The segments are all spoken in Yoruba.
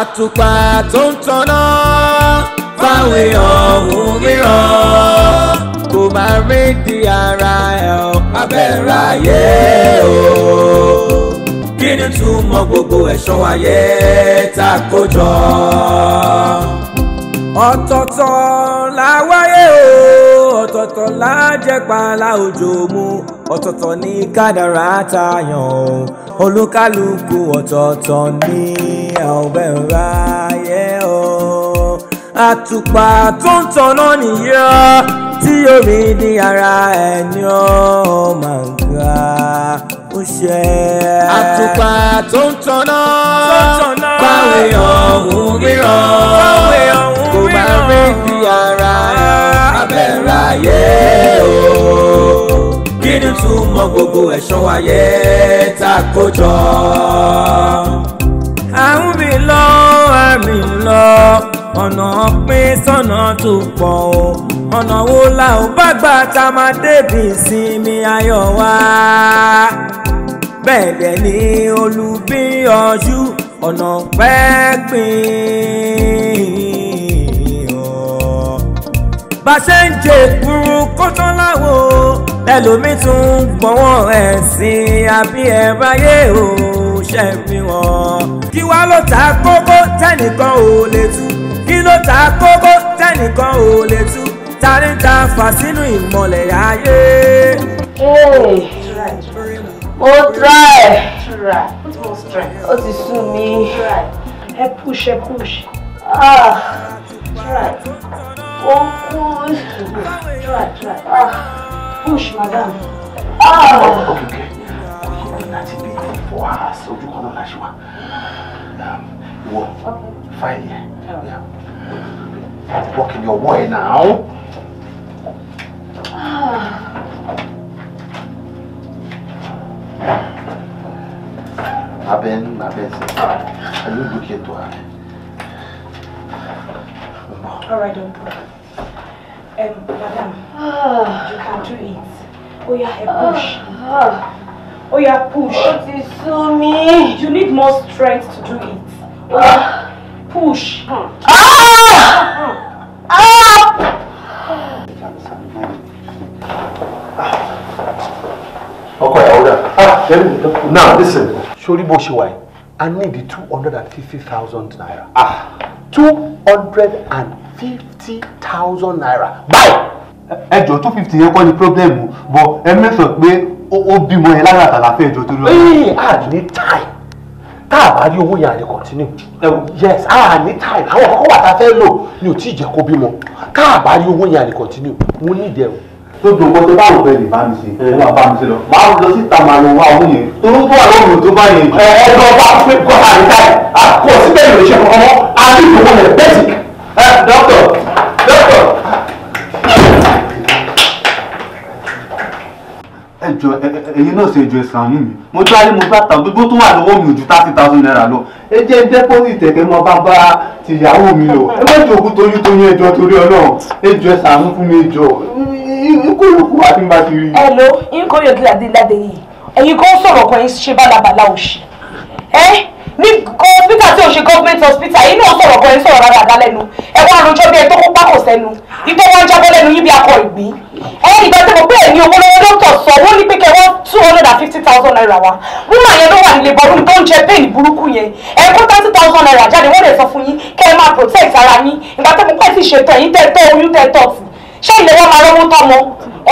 àtùpà tó ń tanná fáwọn èèyàn òun ríran kò máa rí di ara ẹ̀ ọ́ abẹ́rẹ́ ayé o kí ni túmọ̀ gbogbo ẹ̀ṣọ́ ayé tá kó jọ. ọ̀tọ̀ọ̀tọ̀ la wáyé o ọ̀tọ̀ọ̀tọ̀ la jẹ́ pàlà òjò mu ọ̀tọ̀ọ̀tọ̀ ní kádàrá tayàn olúkálùkù ọ̀tọ̀ọ̀tọ̀ ni ò bẹ̀ ń ra ayé o. àtùpà tó ń tanná nìyẹn tí omi di ara ẹni ó máa ń ga ó ṣe. àtùpà tó ń tanná báwo èèyàn ń ríran kò máa rí di ara abẹ́rẹ́ ayé o kí ni túmọ̀ gbogbo ẹ̀ṣọ́ ayé tá a kó jọ mi lọ ọ̀nà pín sọ́nà tó pọ̀ o ọ̀nà wo la ò bá gbà tá a máa débi ìsinmi ayọ̀ wa bẹ́ẹ̀ dẹ̀ ni olùbíyànjú ọ̀nà pẹ́ẹ́pìn bá ṣe ń jẹ òkúrú kó tán láwo ẹlòmí tún gbọ́wọ́ ẹ̀ sí abí ẹ̀ báyé o iṣẹ́ fi hàn. kí wá ló ta kókó tẹ́nìkan ò lè tú kí ló ta kókó tẹ́nìkan ò lè tú ta ta fà sínú ìmọ̀lẹ̀ ayé. mo try ó ti sú mi ẹ push ẹ push. Ah, try. Oh, push. Try, try. Ah, push, madam. Ah. ah. Okay, okay for hours ojú kan náà la ṣe wà wọ Yeah. Yeah. Walk in your way now. Ah. Aben, Aben, are you looking to her? All right, don't worry. Um, madam, Ah. you can do it. Oh, yeah, push. Ah. Oh, yeah, push. What is so me? You need more strength to do it. Oh, yeah. push. Ah! Ah! Okay, hold on. Ah, let me go. Now, listen. Shori Boshiwai, I need the 250,000 naira. Ah, 250,000 naira. Bye! Ẹ jọ̀ọ́ 250 yẹn call the problem but ẹ mẹ́sàn-án ó bímọ yẹn lára àtàlàfẹ́ ìjọ tó lọ. ee eh, a ní táì tá a bá rí owó yẹn a lè continue. yes a ní táì àwọn kọ́kọ́ wà tá a fẹ́ lò ni ò tí ì jẹ́ kó bímọ tá a bá rí owó yẹn a lè continue mo ní ìdẹ̀rù. tó dùn kó tó bá wù bẹ́ẹ̀ lè bá mi ṣe ó eh. máa bá mi ṣe lọ máa lọ sí ìta màá lọ wá owó yẹn tó ń bọ̀ àwọn òòrùn tó bá yẹn. ẹ eh, ẹ lọ bá pé kọ́ àní táì àkọsíbẹ̀ ìròyìn ẹjọ ẹyin náà ṣe ìjọ ìsànú mi mo jáde mo gbà tàn gbogbo tó wà lọ́wọ́ mi ò ju thirty thousand naira lọ ẹ jẹ́ dẹ́pọ́sìtì ẹ̀kẹ́ mọ bàbá tìyàwó mi lọ ẹ má jòkó torí torí ẹjọ torí ọlọ́run ẹjọ ìsànú fún mi ẹjọ ikúlùkù àti bá ẹ lo nǹkan yóò kí ládé kan sọ̀rọ̀ kan yín ṣe bálabàlà òṣì ẹ́ ní hospital tí o ṣe government hospital yìí náà sọ̀rọ̀ kan ẹ̀ sọ̀rọ̀ rárá dá lẹ́nu ẹ wá rojọ́ bí ẹ tó kó pákó sẹ́nu ìtọ́ wọn jábọ́ lẹ́nu yín bí akọ ìgbín ẹ̀yìn ìgbà tí mo pé ẹ̀yin owó lọ́wọ́ dókítà sọ wọ́n ní pé kẹwọ́n two hundred and fifty thousand naira wa wúmọ̀ yẹn ló wà nílé bọ́ọ̀lù tó ń jẹ pain burúkú yẹn ẹ kó thirty thousand naira jáde wọ́n lè sọ fún yín kẹ́ ẹ máa protect ara yín ìgbà tí mo pẹ́ sì ṣètò ẹ̀yin tẹ́ tọ́ oyún tẹ́ tọ́ sí ṣé ilé wọn máa lọ́wọ́ tọ́ mọ́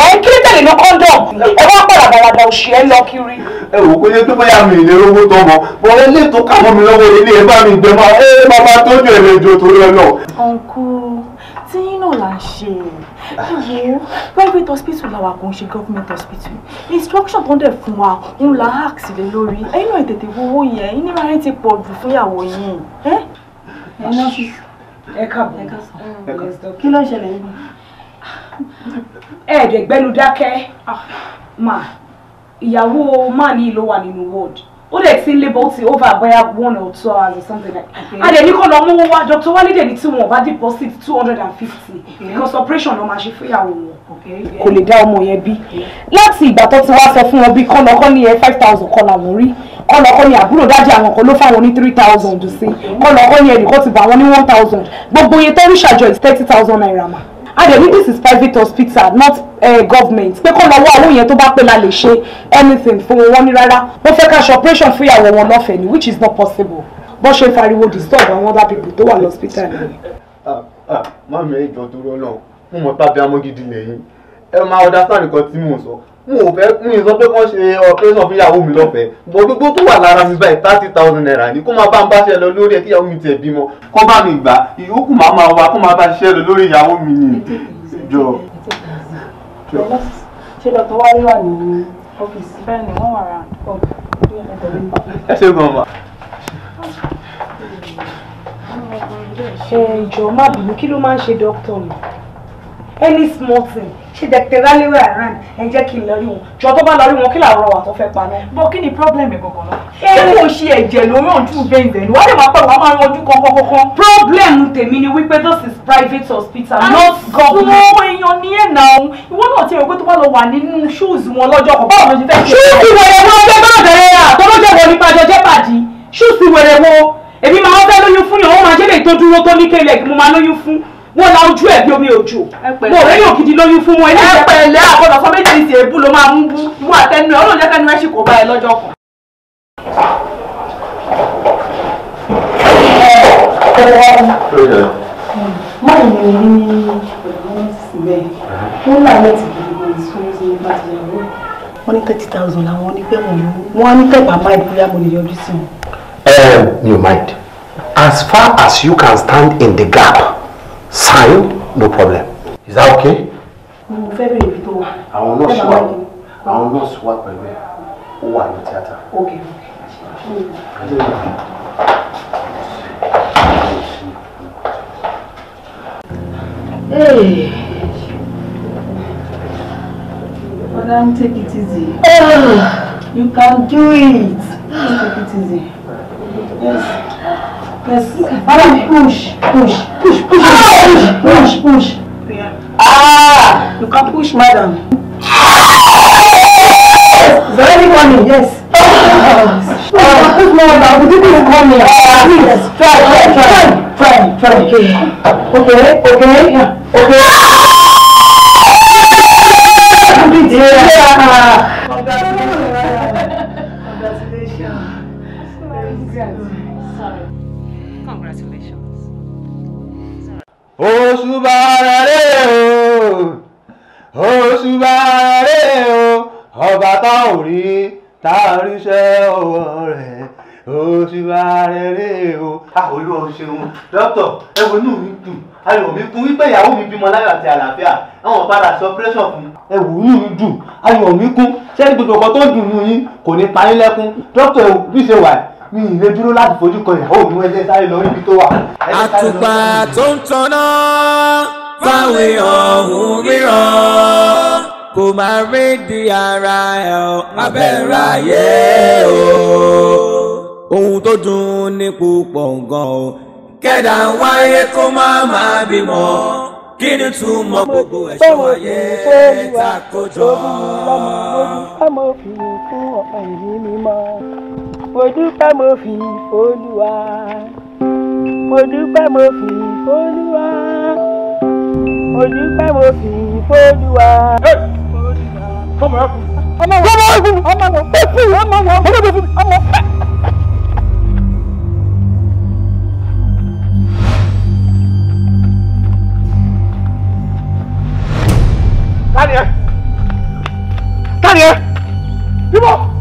ẹ̀ ń kiri tẹ̀lé ní kọ́ńdọ̀m ẹ wá pàdà bàràdà òṣì ẹ lọ kiri. ẹ wò kó yẹ pé bóyá mi ìlera owó tó mọ mo rẹ lè tó kà mi lọ́wọ́ ilé ẹ bá mi gbẹ máa ẹ máa máa tọ́jú ẹ̀ lẹ́jọ́ torí ẹ lọ. ọ̀nkú tí yín náà là ń ṣe wo private hospital làwa kò ń ṣe government hospital instruction tó ń dẹ̀ fún wa ń la ask lé lórí ẹ̀yin náà tètè wọ́wọ́ yẹn yín nígbà yẹn ti pọ̀ jù fún ìyàwó yín. ẹ náà ẹ káàbọ̀ kí ló ń ṣẹlẹ̀ nígbà ẹ̀ẹ́dẹ̀ gbẹ́nu dákẹ́ ah, ma ìyàwó máa ní ló wà nínú ward ó dẹ̀ ti ń lé bọ́ọ̀tì over bóyá one or two hours or something like that. a dẹ̀ ní kọ́ lọ mú wá Dr. Wálé dẹ̀ ní tí wọn bá deposit two hundred and fifty because operation ló máa ṣe fúyàwó wọn kò lè dá ọmọ yẹn bí. láti ìgbà tó ti wá sọ fún wọn bí kọ́ lọ́kọ́ ní ẹ five thousand kọ́ làwọn rí kọ́ lọ́kọ́ ní àbúrò dájú àwọn kan ló fáwọn ní three thousand sí kọ́ lọ́kọ́ ní ẹnìkan ti bá wọn ní one thousand gbogbo iye tó ń ṣàjọ is thirty thousand naira mà a this is private hospital not uh, government pé kó lọ́wọ́ owó yẹn tó bá pé la lè ṣe anything fún wọn ní rárá wọ́n fẹ́ ká ṣe operation fún ìyàwó wọn lọ́fẹ̀ẹ́ ni which is not possible bó ṣe fariwo disturb àwọn other people tó wà Ah, ah, mọ́mí ẹ̀jọ̀ tó rọ́ náà mo mọ̀ pàbí amọ́gidi lẹ́yìn ẹ máa understand nǹkan tí mò ń n ò fẹ́ n sọ pé kán ṣe operation fún ìyàwó mi lọ́fẹ̀ẹ́ bọ̀ gbogbo tó wà lára mi báyìí thirty thousand naira ni kó máa bá ń bá ṣe lọ lórí ẹ̀ kí ìyàwó mi tiẹ̀ bímọ kó bá mi gbà ìyókù máa máa wá kó máa bá ṣiṣẹ́ lọ lórí ìyàwó mi ni jọ. ṣé dr wale wà ní ọ́fíìsì. bẹ́ẹ̀ ni wọ́n wà ra ẹ ṣe gan ma. ẹ jọ̀ọ́ má bínú kí ló máa ń ṣe dókítà mi any small thing ṣe dẹ̀tẹ̀ rálẹ́wẹ̀ around ẹ jẹ́ kí n lọ rí wọn jọ tó bá lọ rí wọn kí làárọ̀ wà tó fẹ́ pa náà. bọ kí ni problem ẹ gbọgbọ náà. ṣé kò ṣe ẹ̀jẹ̀ ló ràn jù bẹ́ẹ̀ bẹ́ẹ̀ ni wọ́n lè máa pẹ̀ wọ́n máa ń ojú kan kọ́kọ́kọ́. problem tèmi ni wípé this is private hospital ah, not government. àwọn èèyàn ní ẹ̀ náà ìwọ náà ti rò pé tó bá lọ wà nínú shoes wọn lọ́jọ́ kan báwo ló ti fẹ́ ṣe. ṣúùsì wẹ̀rẹ̀ wo ọjọ́ bá bẹ̀rẹ̀ rà tó ló jẹ̀wọ̀ nípa jẹjẹ́ bàjẹ́ ṣúùsì wẹ̀rẹ̀ wo èmi máa ń fẹ́ lóyún fún yàn ó máa jẹ́ lè tó dúró tó ní kéle mo máa lóyún fún wọ́n la ojú ẹ̀ bí omi òjò mo rẹ́ yóò gidi lóyún fún wọn. ẹ pẹ̀lẹ́ àbọ̀dọ̀ fún méjì ìsìn èébú ló máa ń bú mú àtẹnu ẹ ọlọ́run jẹ́kẹ́nu ẹ sì kò bá ẹ lọ́jọ́ kan. máa ń rìn ní ìbẹ̀ wọ́n láwọn ti gbogbo ìṣòro nípa ìyàwó wọ́n ní thirty thousand làwọn onífẹ́ wọn wọ́n á ní tẹ̀pá mind bóyá mo yọjú sí wọn. ẹ ẹ you mind as far as you can stand in the gap sign no problem is that okay. mo fẹ́ bèrè ibi tó wà. àwọn nọ́ọ̀sì wà àwọn nọ́ọ̀sì wà pẹ̀lú ẹ̀ ó wà ní tíátà. Okay. ok. Hey. but Madam, take it easy. Oh, you can do it. Take it easy. Yes. Press. Madam, push, push, push, push, push, push, push. Yeah. Ah! You can push, madam. It's already coming, yes. Oh. Oh. Oh. Push more now. The people is coming. Please, try, try, try, try, try. Okay, okay, okay, yeah. okay. Yeah. yeah. òṣùbà rẹ̀ o òṣùbà rẹ̀ o ọba tá ò rí tá a ríṣẹ́ ọwọ́ rẹ̀ òṣùbà rẹ̀ rẹ̀ o. olúwa ò ṣeun dókítà ẹ wo inú mi dùn ayọ̀ mi kún wípé ìyàwó mi bímọ láyọ̀ àti àlàáfíà ẹ̀wọ̀n padà sọ pírẹ́sọ̀ fún mi ẹwù inú mi dùn ayọ̀ mi kún ṣé gbogbo ọkọ tó dùn nù yín kò ní parí lẹ́kún dókítà bí ṣe wà mi ì lè dúró láti fojú kan ìyàwó mi wọ́n ẹ̀jẹ̀ sáré lọ níbi tó wà. àtùpà tó ń tanná fáwọn ọ̀hún ríran kò máa rí di ara ẹ̀ abẹ́rẹ́ ayé o ohun tó dùn ní púpọ̀ gan o kẹ́dà ń wáyé kó má máa bímọ kí ni túmọ̀ gbogbo ẹ̀ṣọ́ ayé tá kó jọ. ọmọ òfin fún ọ̀pá ìlú mímọ́ mo dúpẹ́ mo fi folúwa mo dúpẹ́ mo fi folúwa mo dúpẹ́ mo fi folúwa. ọmọ ẹkùn ọmọ ẹkùn ọmọ ẹkùn ọmọ ẹkùn ọmọ ẹkùn ọmọ ẹkùn. Daniel! Daniel! Vivo!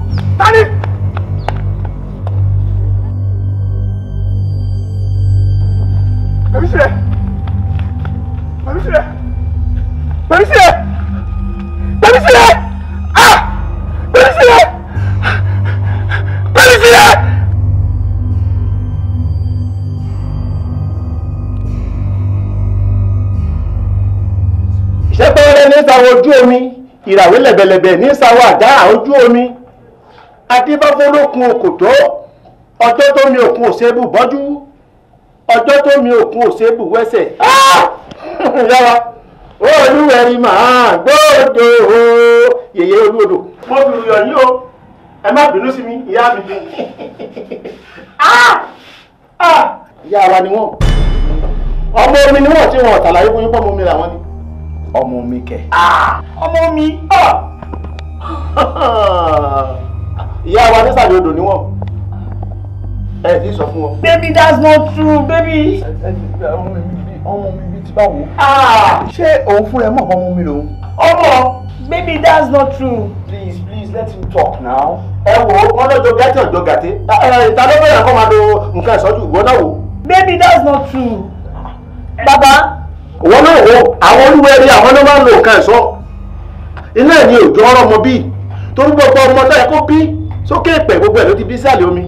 ìràwé lẹ̀bẹ̀lẹ̀bẹ̀ ní sàwádà ojú omi adébáfólókun òkòtó ọjọ́ tó mi òkun òṣèbù bọ́jú ọjọ́ tó mi òkun òṣèbù wẹ́sẹ̀ ah! yára olúwẹ̀rí màá gbọ́dọ̀ o yèyé olúodò mo fi rùyọ̀ yí o ẹ má bínú sí mi ìyá mi bí ah! Ah! ìyá wa ni wọ́n ọmọ omi ni wọ́n tí wọ́n tàlàyé fún yín pọ́ mọ́ mi làwọn ni ọmọ mi kẹ. ọmọ mi ìyá wa nísàlẹ̀ odò níwọ̀n ẹ ti sọ fún wọn. baby that's not true baby. ọmọ mi bí ti bá wò. ṣé òun fúnra ẹ mọ̀ ọmọ mi lòun. ọmọ baby that's not true. please please let him talk now. ẹ wo wọn lọ́jọ́ gàtí ọjọ́ gàtí ìta ló bẹ̀rẹ̀ kó máa lo nǹkan ìsọjú ìwọ náà wò. baby that's not true. bàbá wọn náà wo àwọn olúwẹ̀rí àwọn náà máa ń lo nǹkan ẹ̀sọ́ iná ẹ̀ ní òjò ọ̀rọ̀ ọmọ bíi torí gbogbo ọmọ táyà kó bí sókè ìpè gbogbo ẹ̀ ló ti bí sàlẹ̀ omi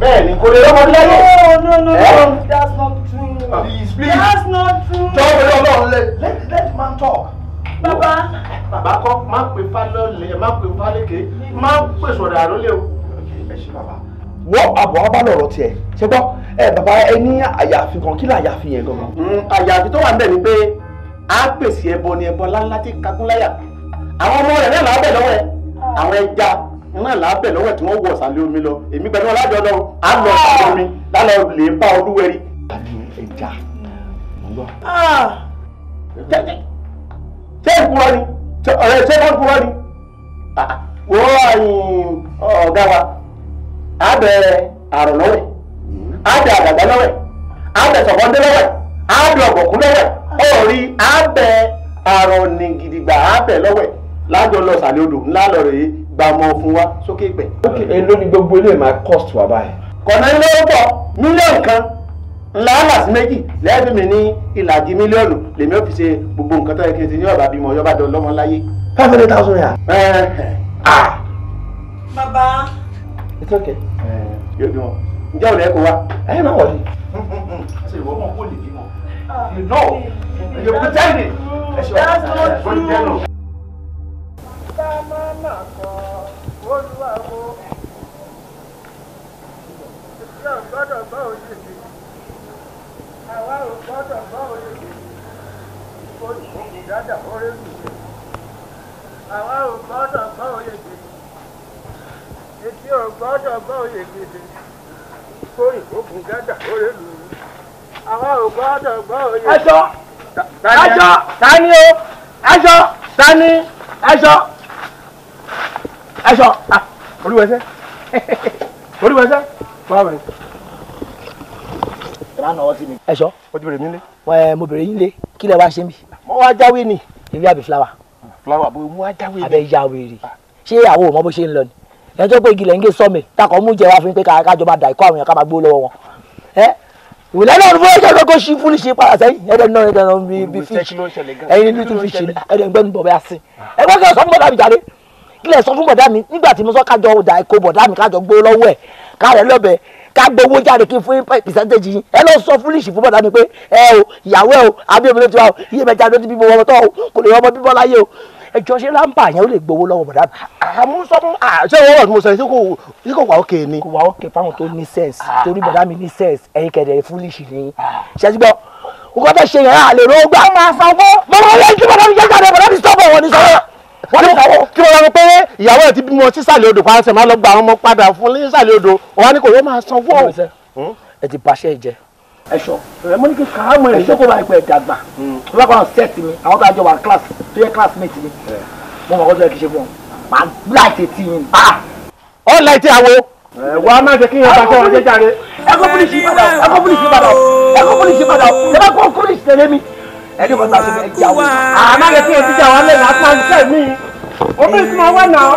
bẹ́ẹ̀ ni kò lè rọ́mọ bí ayé. no no no eh? that's not true. Ah, please please that's not true. tọ́wọ́ pẹ̀lú ọlọ́run lẹ let let man talk. bàbá. bàbá kọ́ má pe falọ́lẹ̀ má pe falẹ́kẹ́ má pe sọ̀rọ̀ àrólé o. ẹ ṣe bàbá. wọ́n àbọ̀ wá bá lọ̀rọ̀ tiẹ̀ ṣe gbọ́ ẹ eh, bàbá ẹ ní àyàfi kan kí làyàfi yẹn gan-an. Hmm, àyàfi tó wà ń bẹ̀ ni pé a pèsè ẹbọ ni ẹbọ ńláńlá tí kakún láyà àwọn ọmọ rẹ̀ náà là á bẹ̀ lọ́wọ́ ẹ àwọn ẹja náà là á bẹ̀ lọ́wọ́ ẹ tí wọ́n wọ ọ̀sánlé omi lọ èmi pẹ̀lú ọlájọ lọ á lọ sí ah! omi lálẹ́ lè bá olúwẹ̀rí. ẹja ah! ṣé ìkúrọ ni ọ̀rẹ́ ṣé wọ́n kúrọ ni ah, wọ́n ọ̀gá wa á bẹ̀rẹ̀ àrùn lọ́wọ́ àbẹ àdàgbà lọ́wẹ̀ àbẹ sọ̀kọ́ndé lọ́wẹ̀ àbẹ ọ̀bọ̀kú lọ́wẹ̀ ọ̀rí àbẹ àrọ̀nì gidigba àbẹ lọ́wẹ̀ lájọ lọ sàlẹ̀ odò ńlá lọ rèé gbàmọ̀ fún sókè pẹ̀. ok èló gbogbo wà báyìí. kọ̀nà ilé ó pọ̀ mílíọ̀nù kan ńláńlá sí méjì mi ní ìlàjì mílíọ̀nù gbogbo nǹkan tó yẹ kí n ní ọ̀bà bímọ dán lọ́mọ láyé. five hundred thousand ah. bàbá. yóò bí ǹjẹ́ ò lẹ́kọ̀ọ́ wa ẹ má wọlé. ṣe ìwọ mọ̀ kó lè bímọ ah. you know you pretend it. that's not true. ká má má kọ olúwa wo ìṣe ọ̀gbọ́dọ̀ gbọ́ òye mi àwa ò gbọ́dọ̀ gbọ́ òye mi olùkókò dáadáa orí mi àwa ò gbọ́dọ̀ gbọ́ òye mi ètí ò gbọ́dọ̀ gbọ́ òye mi kóyìnbó gun tani o aṣọ tani aṣọ aṣọ olúwẹsẹ olúwẹsẹ báwo ni. ìlànà ọtí mi. ti bèrè mí lé. ẹ mo bèrè yín lé kí lẹ wá ṣe mí. mo wá jáwé ni. èmi àbí fúláwà. fúláwà bó mo wá jáwé ni. abẹ́ yáwé rè ṣé àwọn ò bó ṣe ń lọ ni ẹ jọ pé igi lẹ́ńgẹ̀ sọ́mi takọ̀ mú jẹ wá fún pé kájọ máa dà ikọ́ àwọn èèyàn ká máa gbó lọ́wọ́ wọn ẹ ìwòlẹ́ náà fún ẹjọ́ lọ́kọ́ sí fúlì ṣe padà sẹ́yìn ẹ̀dẹ̀ náà ẹ̀dẹ̀ náà bí bí fíìsì ẹ̀yin little fish ẹ̀dẹ̀ gbẹ́nu bọ̀ bẹ́ẹ̀ sí ẹ kí lè sọ fún bọ̀dá mi jáde kí lè sọ fún bọ̀dá mi nígbà tí mo sọ kájọ dà ikọ́ bọ̀dá mi kájọ gbó lọ́wọ́ ẹ̀ kárẹ̀ lọ́bẹ̀ ká gbowó jáde kí n fún pìsẹ́ntéjì yín ẹ lọ sọ fúlíṣì fún bọ̀dá mi pé ẹ o ìyàwó ẹ o àbí obìnrin tiwa o iye mẹ́ta ló ti bímọ ọmọ tó o kò lè ọmọ bíbọ láyé o ẹjọ́ ṣe lámbà yẹn ó lè gbowó lọ́wọ́ bọ̀dá àmú sọ fún àṣẹ owó ọ̀dùnmọ̀ sọ yìí sí kò wà ókè ni. kò wà ókè fáwọn tó ní sense torí bọ̀dá mi ní sense ẹ̀yin kẹ̀dẹ̀ foolish ni ṣẹ́sí gbọ́ nǹkan tó ṣe yẹn àlè ló gbà. ó máa sanwó. mo máa lé kí bọ̀dá mi jẹ́ kàdé bọ̀dá mi sọ́bọ̀ wọn ni sọ́wọ́ wọ́n ní kọ́wọ́. kí wọ́n lọ pé ìyàwó ẹ̀ ti bímọ sísàlẹ̀ odò pàṣẹ máa lọ gba àwọn ọmọ padà fún sísàlẹ̀ odò wọ́n á ní kò yóò máa sanwó. Hmm? ẹ ti pàṣẹ ìjẹ ẹ̀ṣọ́ ẹ̀ mo ní kí kàámù ẹ̀ ṣé kó bá ìpẹ́ dàgbà lọ́kọ̀ hmm. náà sẹ́ẹ̀tì mi àwọn tó àjọ wà kílàsì tó yẹ kílàsìmẹ̀tì mi mo mọ̀ kó tó yẹ kí ṣe fún ọ màá láìtì tì yín. ọ láìtì àwo. ẹ̀wọ́ a máa jẹ́ kí yẹn bá sọ̀rọ̀ jẹ́jáde. ẹ̀kọ́ pólísì padà ẹ̀kọ́ pólísì padà ẹ̀kọ́ pólísì padà ẹ̀kọ́ kó pólísì tẹ̀lé mi. Ah, ẹni kọ́ta tó fẹ́ jáwó àmọ́ àgbẹ̀ tí yẹn ti jà wá lẹ́nu àtúntẹ̀ mi obìnrin tí mo wá nà ọ́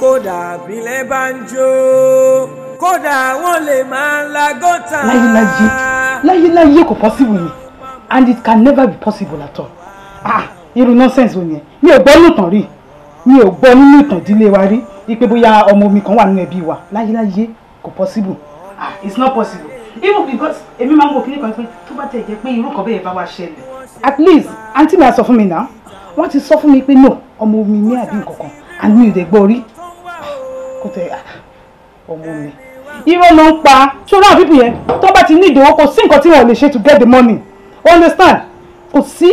kódà bílẹ̀ bá ń jó kódà wọ́n lè máa la láyéláyé láyéláyé kò possible ni and it can never be possible at all ah irú nonsense wo yẹn mi ò gbọ́ lùtàn rí mi ò gbọ́ nínú ìtàn ìdílé wa rí ipe bóyá ọmọ mi kan wà nínú ẹbí wa láyéláyé kò possible ah it's not possible even because èmi máa ń wo kíní kan pé tó bá tẹ̀ jẹ́ pé irú kan bẹ́ẹ̀ bá wá ṣẹlẹ̀. at least àǹtí mi á sọ fún mi náà wọ́n ti sọ fún mi pé no ọmọ mi ní àbí nǹkan kan àní ìdẹ́gbọ́ rí ah, kò tẹ̀ ah, ọmọ mi irọ́ ló ń pa ṣọ́ra àwọn pípì yẹn tó bá ti ní ìdíwọ́ kò sí nǹkan tí wọ́n lè ṣe to get the money understand kò sí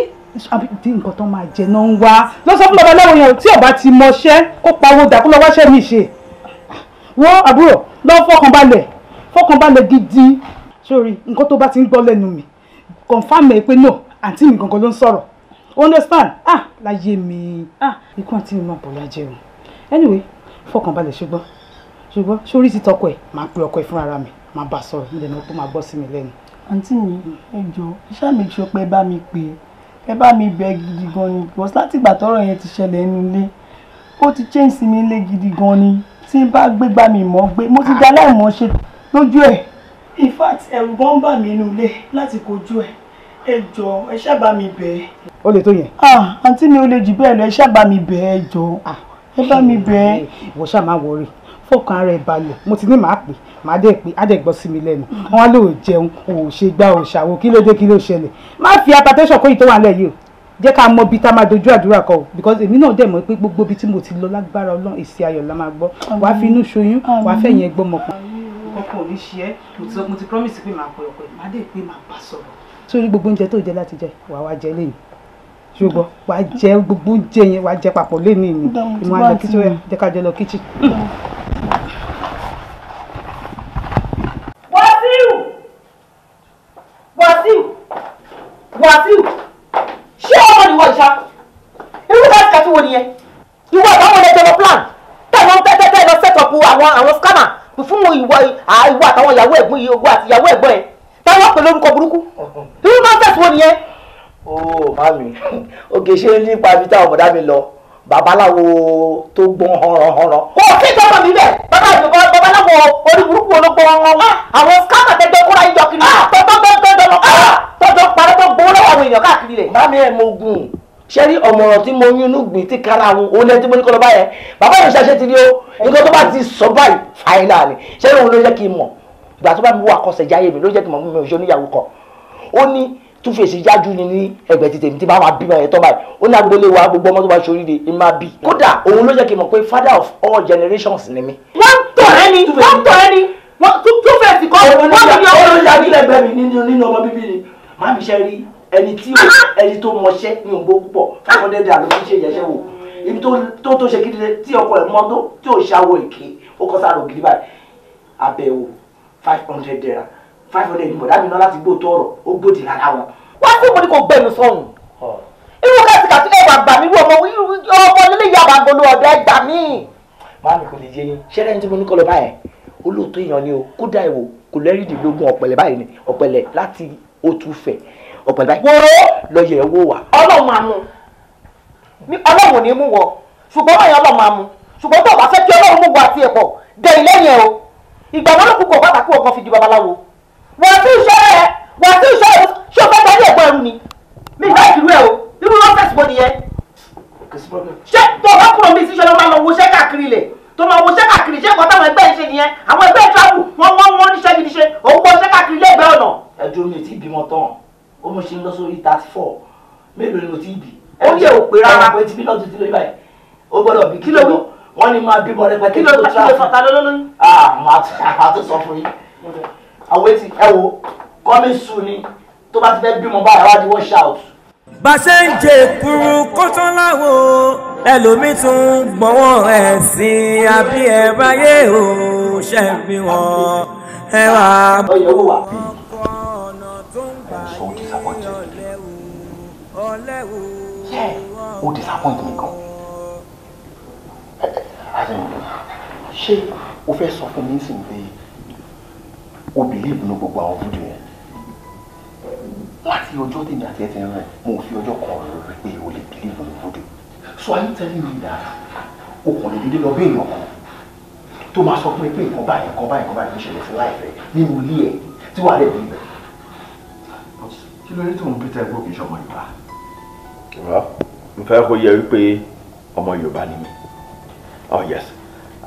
àbí nǹkan tó máa jẹ náà ń wá lọ́sọ̀ fún bàbá lẹ́wọ̀n yẹn tí ọba ti mọṣẹ́ kó pawó dà kó lọ wáṣẹ́ mi ṣe wọ́n àbúrò lọ fọkànbalẹ̀ fọkànbalẹ̀ gidi sórí nǹkan tó bá ti ń gbọ́ lẹ́nu mi confam ẹ pé no àǹtí mi gangan ló ń sọ̀rọ̀ understand ah láyé mi ah ikú àǹtí mi máa bọ̀ lájẹun anyway fọkànbalẹ̀ ṣùgbọ́n ṣùgbọ́n sórí ti tọkọ ẹ̀ máa pe ọkọ ẹ̀ fúnra mi máa bá a sọ̀rọ̀ nílẹ̀ náà kó máa gbọ́ sí mi lẹ́nu. àǹtí mi ẹ jọ iṣẹ́ àmì ṣe pé ẹ bá mi pè é ẹ bá mi bẹ gidi gan ni because láti ìgbà tọ́rọ̀ yẹn ti ṣẹlẹ̀ nínú ilé ó ti change sí mi lé gidi gan ni tí n bá gbé gbá mi mọ́ gbé mo ti dá láìmọ̀ ṣe lójú ẹ̀ in fact ẹ̀rù gan ń bà mí nínú ilé láti kojú ẹ̀ ẹ jọ ẹ ṣàbà mi bẹ̀ ẹ́. ó lè tó yẹn. ah àǹtí mi ò lè jù bẹ́ẹ̀ lọ ẹ ṣàbà mi bẹ̀ jọ ah. ẹ bá mi bẹ̀ ẹ. ṣáà má wọrí fọkàn ara ẹ̀ balẹ̀ mo ti ní màá pè màá dẹ̀ pé á dẹ̀ gbọ́ sí mi lẹ́nu wọn á lò ó jẹun o ṣe gbá ò ṣàwò kí ló dé kí ló ṣẹlẹ̀ má fi hypertension kó yìí tó wà lẹ̀ yìí o jẹ́ ká mọ ibi tá a máa dojú àdúrà kọ because èmi náà dẹ̀ mọ̀ pé gbogbo ibi tí mo ti lọ lágbára ọlọ́run èsì ayọ̀ la máa gbọ́ wàá fi inú ṣoyún wàá fẹ̀yìn ẹgbọ́n mọ̀ pọ̀. ọkọ ò ní ṣe é mo ti promise pé màá pè ọkọ ẹ̀ má dẹ̀ pé màá bá sọ̀rọ̀. sórí gbogbo oúnjẹ tó jẹ láti jẹ wàá wá jẹ lẹ́yìn ṣùgbọ́n wà á jẹ gbogbo oúnjẹ yẹn wà á jẹ papọ̀ lẹ́nu ìní ìmọ̀ àjọ kíchìn jẹ́ ká jọ lọ kíchìn. You Wàsíù Wàsíù ṣé ọmọ nìwọ ìṣá irú láti kàtí wo nìyẹn ìwọ àtàwọn ẹgbẹ́ lọ plan tẹ̀wọ́n ń tẹ́tẹ́tẹ́ lọ set up àwọn àwọn scammer fún ìwọ ìwọ àtàwọn ìyàwó ẹ̀gbọ́n ìyàwó àti ìyàwó ẹ̀gbọ́n ẹ̀ táwọn pè lórúkọ burúkú irú máa ń tẹ̀síwọ́ nìyẹn. ó oh, màmí oge ṣe ń ní ipa ibi táwọn ọmọdá mi lọ babaláwo tó gbọ́n hànrànhànràn. kò sí ìjọba mi bẹ́ẹ̀ bàbá ìjọba babaláwo orí burúkú olóko ọ̀hún ah! àwọn káàmà tẹgbẹ́ kóra ìjọ kiri ah! tọ́jọ́ ah! parẹ́ tó gbowó lọ́wọ́ àwọn èèyàn káàkiri rẹ̀. bá mi ẹ̀ mo gùn ṣé rí ọ̀mọ̀ràn tí mo yún inú gbìn tí kára àwọn olè tí mo ní kọ́ lọ́ba yẹn bàbá yóò ṣàṣẹ ti rí o nǹkan tó bá ti sọ báyìí ni ṣé rí òun ló jẹ́ kí n mọ̀ ìgbà tó bá mi wọ àkọsẹ̀jáyé mi ló jẹ́ kí n mọ̀ mi ò ṣe oníyàwó kan ó túfèsì yájú ni ní ẹgbẹ́ ti tèmi tí bá máa bí báyẹn tán báyìí ó ní agboolé wa gbogbo ọmọ tó bá ṣoríire ẹ máa bí. kódà òun ló jẹ́ kí n mọ̀ pé father of all generations ni mí. wọ́n tọ̀ ẹ́ ni wọ́n tọ̀ ẹ́ ni túfèsì kọ́ wọ́n ní ọmọ mi. olùdarí lẹ́gbẹ́ mi nínú ọmọ bíbí ni má mi ṣe rí ẹni tí ẹni tó mọṣẹ́ ní òǹgbò púpọ̀ fáwọn dẹ́dẹ́ àlọ́ fi ṣe ìyẹ̀ṣẹ́ wò ibi tó tó ṣe kí tí ọkọ rẹ̀ mọ́ tó tí ò ṣàwọ̀ èké ó kọ́ sáà lọ gidi báyìí àbẹ̀wò five hundred naira five hundred mọ̀dá mi ná láti gbó tọrọ ó gbòdì lára wọn. wá sí mo ní kò gbẹ̀mí sọ̀hún. irú kẹ́sì kàtúlẹ̀ wà gbà mí irú ọmọ ọmọ nílé ìyá wa gbolo ọ̀dọ̀ ẹ gbà mí. máa mi kò lè yé yín ṣẹ́rẹ́ ní tí mo ní kọ́ lọ báyẹn olóòótọ́ èèyàn ni o kódà ìwò kò lẹ́rìndínlógún ọ̀pẹ̀lẹ̀ báyìí ni ọ̀pẹ̀lẹ̀ láti òtúfẹ̀ ọ̀pẹ̀lẹ̀ báyìí wóró lọ́yẹ̀ owó wa. ọlọ́run máa mú ọlọ́run ò ní mú wọ ṣùgbọ́n ọ̀yàn ọlọ́run máa mú ṣùgbọ́n tó o bá fẹ́ kí ọlọ́run mú wọ àti ẹ̀pọ̀ dẹ̀ ìlẹ́yìn ẹ̀ o ìgbà náà ló kú kọ̀ bàtà kú ọkàn fi di babaláwo wọ́n tún iṣẹ́ rẹ̀ wọ́n tún iṣẹ́ rẹ̀ ṣé o fẹ́ gba ilé ẹ̀kọ́ ẹ̀rù ni mi ìgbà ìlú ẹ̀ o irú rọ́fẹ̀sì wo nìyẹn. ṣé tó bá kúrò mi síṣẹ́ ló máa lọ wọṣẹ́ káàkiri lẹ̀ tó máa wọṣẹ́ káàkiri ṣé nǹkan táwọn ẹgbẹ́ ṣe nìyẹn àwọn ẹgbẹ́ travel wọ́n wọ́n wọ́n níṣẹ́ gidi ṣe òun wọṣẹ́ káàkiri lẹ́gbẹ̀ẹ́ ọ̀nà. ẹ dúró mi ò tí ì bímọ tán ó mú ṣe ń lọ sórí thirty four mélòó ni mo ti bì. ó yẹ òpè rárá ẹ ti bí lọ́dún tí lóyún báyìí ó gbọ́dọ̀ bí kí ló wí wọ́n ní máa bímọ rẹpẹtẹ tó tra. kí ló fata lọ́lọ́lọ́. àà máa tó ah, sọ fún yín àwọn ti ẹ wo kọ́mí sùn ni tó bá ti fẹ́ bímọ báyìí wá di wash out. bá a ṣe ń jẹ kúrú kó tán láwo ẹlòmíín tún gbọ́wọ́ ẹ̀ sí àbí ẹ̀ báyé o ṣe bí wọn ẹ wá. ọyọ wò bí so disappointed yeah o disappoint me gan ṣé o fẹ́ sọ fún mi sí pé o believe gbogbo àwọn fúdù yẹn láti ọjọ́ tèmi àti ẹ̀tẹ̀ rẹ̀ mo fi ọjọ́ kan rẹ̀ rẹ̀ pé o lè believe nu fúdù so are you telling me that o kàn lè dédé lọ bí èèyàn kan tó máa sọ fún ẹ pé nǹkan báyìí nǹkan báyìí nǹkan báyìí ló ṣẹlẹ̀ sí láìpẹ́ nínú ilé ẹ̀ tí wàá lẹ̀ bí ibẹ̀. kí ló dé tó ń pété ẹgbẹ́ òkè ìṣọmọ Yorùbá. well n fẹ́ kó yẹ wípé ọmọ Yorùbá ni mí oh yes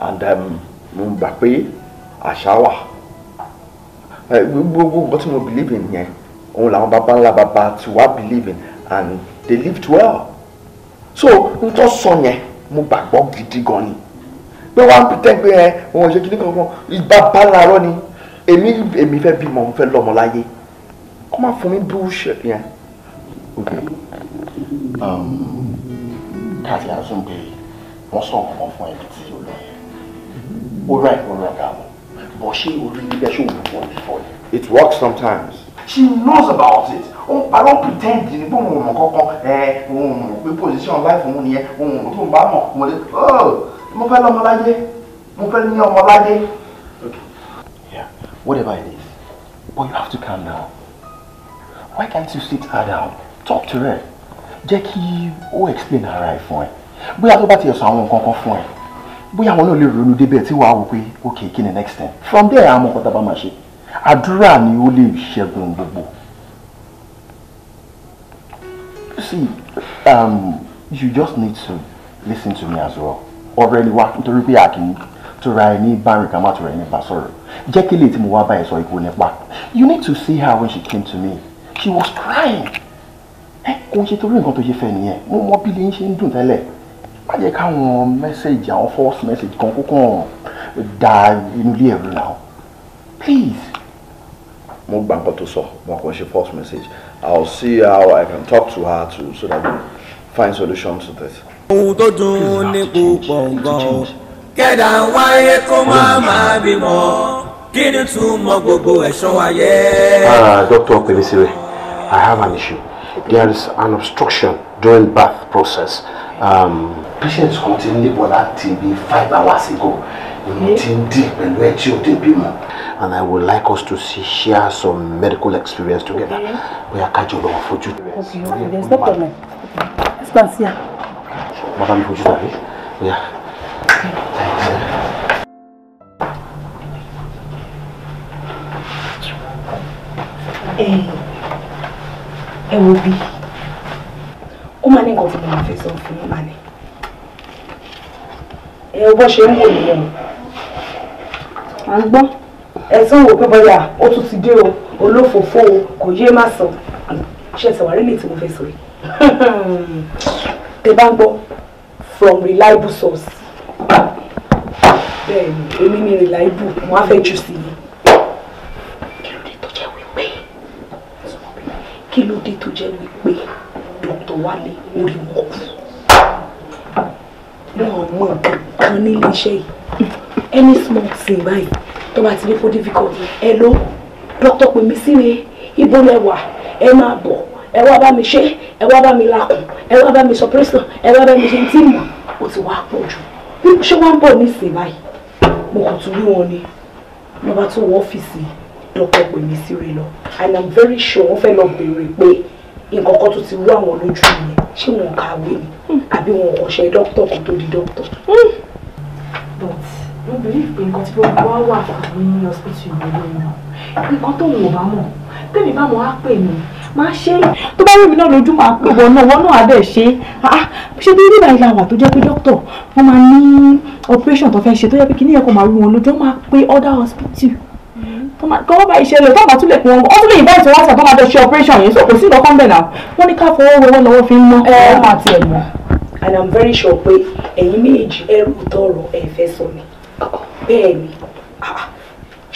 and then um, mo gbà pé àṣà wà. Eh, gbogbo nǹkan tí mo believe in yẹn òun làwọn baba ńlá baba ti wá believe in and they lived well so n tó sọ yẹn mo gbàgbọ́ gidi gan ni pé wọ́n á pretend pé ẹ eh, òun ṣe kíní kankan baba làárọ̀ ni èmi èmi fẹ́ bímọ mo fẹ́ lọ́mọ láyé kó má fún mi bullshit yẹn. okay um, káàtì azúgbé wọ́n sọ̀rọ̀ mọ́ fún ẹbí tí ó lọ yẹn ó rẹ̀ ó rẹ̀ gà wọ́n bọ̀ ṣé orí bíbẹ́ ṣó wù fún ìfọ̀ yìí. it works sometimes. she knows about it ó ń parọ́ pretend ní pé òun ò mọ̀ position life òun nìyẹn òun ò tó ń bá mọ̀ mo lè oh mo fẹ́ lọ́mọláyé mo okay yeah whatever it is but you have to calm down why can't you sit her down talk to her jẹ́ kí ó explain ara ẹ̀ fún ẹ bóyá tó to ti ẹ̀ sọ àwọn nǹkan kan fún ẹ bóyá àwọn náà lè ronú débẹ̀ tí wàá wò pé ok kí ni next time from there àmọ́ kọ́tà bá máa ṣe àdúrà ni ó lè ṣẹ́gun gbogbo. see um, you just need to listen to me as well ọ̀rẹ́ ni wá nítorí pé àkìní tora ẹni bárin kan má tora ẹni bá sọ̀rọ̀ jẹ́ kí lè tí mo wá bá ẹ sọ ikú nípa you need to see her when she came to me she was crying ẹ kò ń ṣe torí nǹkan tó ṣe fẹ́ nìyẹn mo mọ bí lè ń ṣe ń dùn tẹ́lẹ̀ má jẹ́ káwọn mẹ́sẹ̀gì àwọn false message kan kókó da inú ilé ẹ̀rọ náà please. mo gba nǹkan tó sọ wọn kò ṣe false message i will see how i can talk to her to so that we find solution to this. ohun tó dùn ní púpọ̀ gan-an kẹ́dà ń wáyé kó má hmm. má bímọ kí ni túmọ̀ gbogbo ẹ̀ṣọ́ ayé. Ah, doctor pèmísìrè i have an issue there is an obstruction during birth process. Um, patients kan ti ń labour láti bí five hours ago ìlú ti ń dì pẹ̀lú ẹ̀ tí ò dé bímọ. and I would like us to see, share some medical experience together. bóyá kájọ lọ fojú. okay okay there is no let's go and see her. bàbá mi fojú tàbí bóyá. ẹ wo bí ó máa ní nǹkan tí mo máa fẹ́ sọ fún yín máa ní ẹ bọ́ ṣe ń wò nìyẹn à ń gbọ́ ẹ wò pé bọ́yà ó tún ti dé o olófòófó o kò yé má sọ ṣe ṣàwárí lè tí mo fẹ́ sọ yìí tẹ bá ń gbọ́ from reliable source bẹ́ẹ̀ni èmi ni reliable mo á fẹ́ jù sí i. kí ló dé tó jẹ́ wípé dr wálé orí wọn kú wọn mọ nǹkan kan ní ilé iṣẹ́ yìí any small thing báyìí tó bá ti rí kó difficult ẹ ló dókítà pè mí sí ni ibo lẹ wà ẹ máa bọ̀ ẹ wá bá mi ṣe ẹ wá bá mi lakùn ẹ wá bá mi suppressor ẹ wá bá mi ṣe tí mọ̀ ó ti wá pọ̀ jù bí mo ṣe wá ń bọ̀ ní ìsìn báyìí mo kàn tún rí wọn ni mo bá tún wọ ọ́fíìsì dókítà pè mí sí rẹ lọ and i'm very sure wọ́n fẹ́ lọ béèrè pé nǹkan kan tó ti rú àwọn lójú nìyẹn ṣé wọn kàwé ni hmm. àbí wọn kò ṣe dókítà kó tó di dókítà but mo believe pé nǹkan tí wọ́n wá wà fún mi ní hospital ìlú lóyún nǹkan tó wọ̀ bá mọ̀ tẹ́mi bá mọ̀ á pè mí máa ṣe é tó bá rí mi náà lójú máa pè wọ́n náà wọ́n náà á bẹ̀ ṣe é ṣé bí nígbà ìlànà àwà tó jẹ́ pé dókítà wọ́n máa ní operation tó fẹ́ ṣe tó yẹ pé kìnìyàn kò máa rú wọn lójú wọ́n máa pe other hospital kọ́ wọ́n bá ìṣẹ̀lẹ̀ tó àbá tún lè pọ̀ ọ́n tún lè yìnbọn ìṣòwò àti àbámadọ̀ ṣe operation yìí so kò sí ìdọ́kọ́ ń bẹ̀ náà wọ́n ní ká fọwọ́ wẹ́wẹ́ lọ́wọ́ fi ń mọ́ ẹ̀ ọ́n máa tiẹ̀ mọ́ and i'm very sure pé ẹ̀yin méjì ẹrù tọrọ ẹ fẹ́ sọ ni bẹ́ẹ̀ ni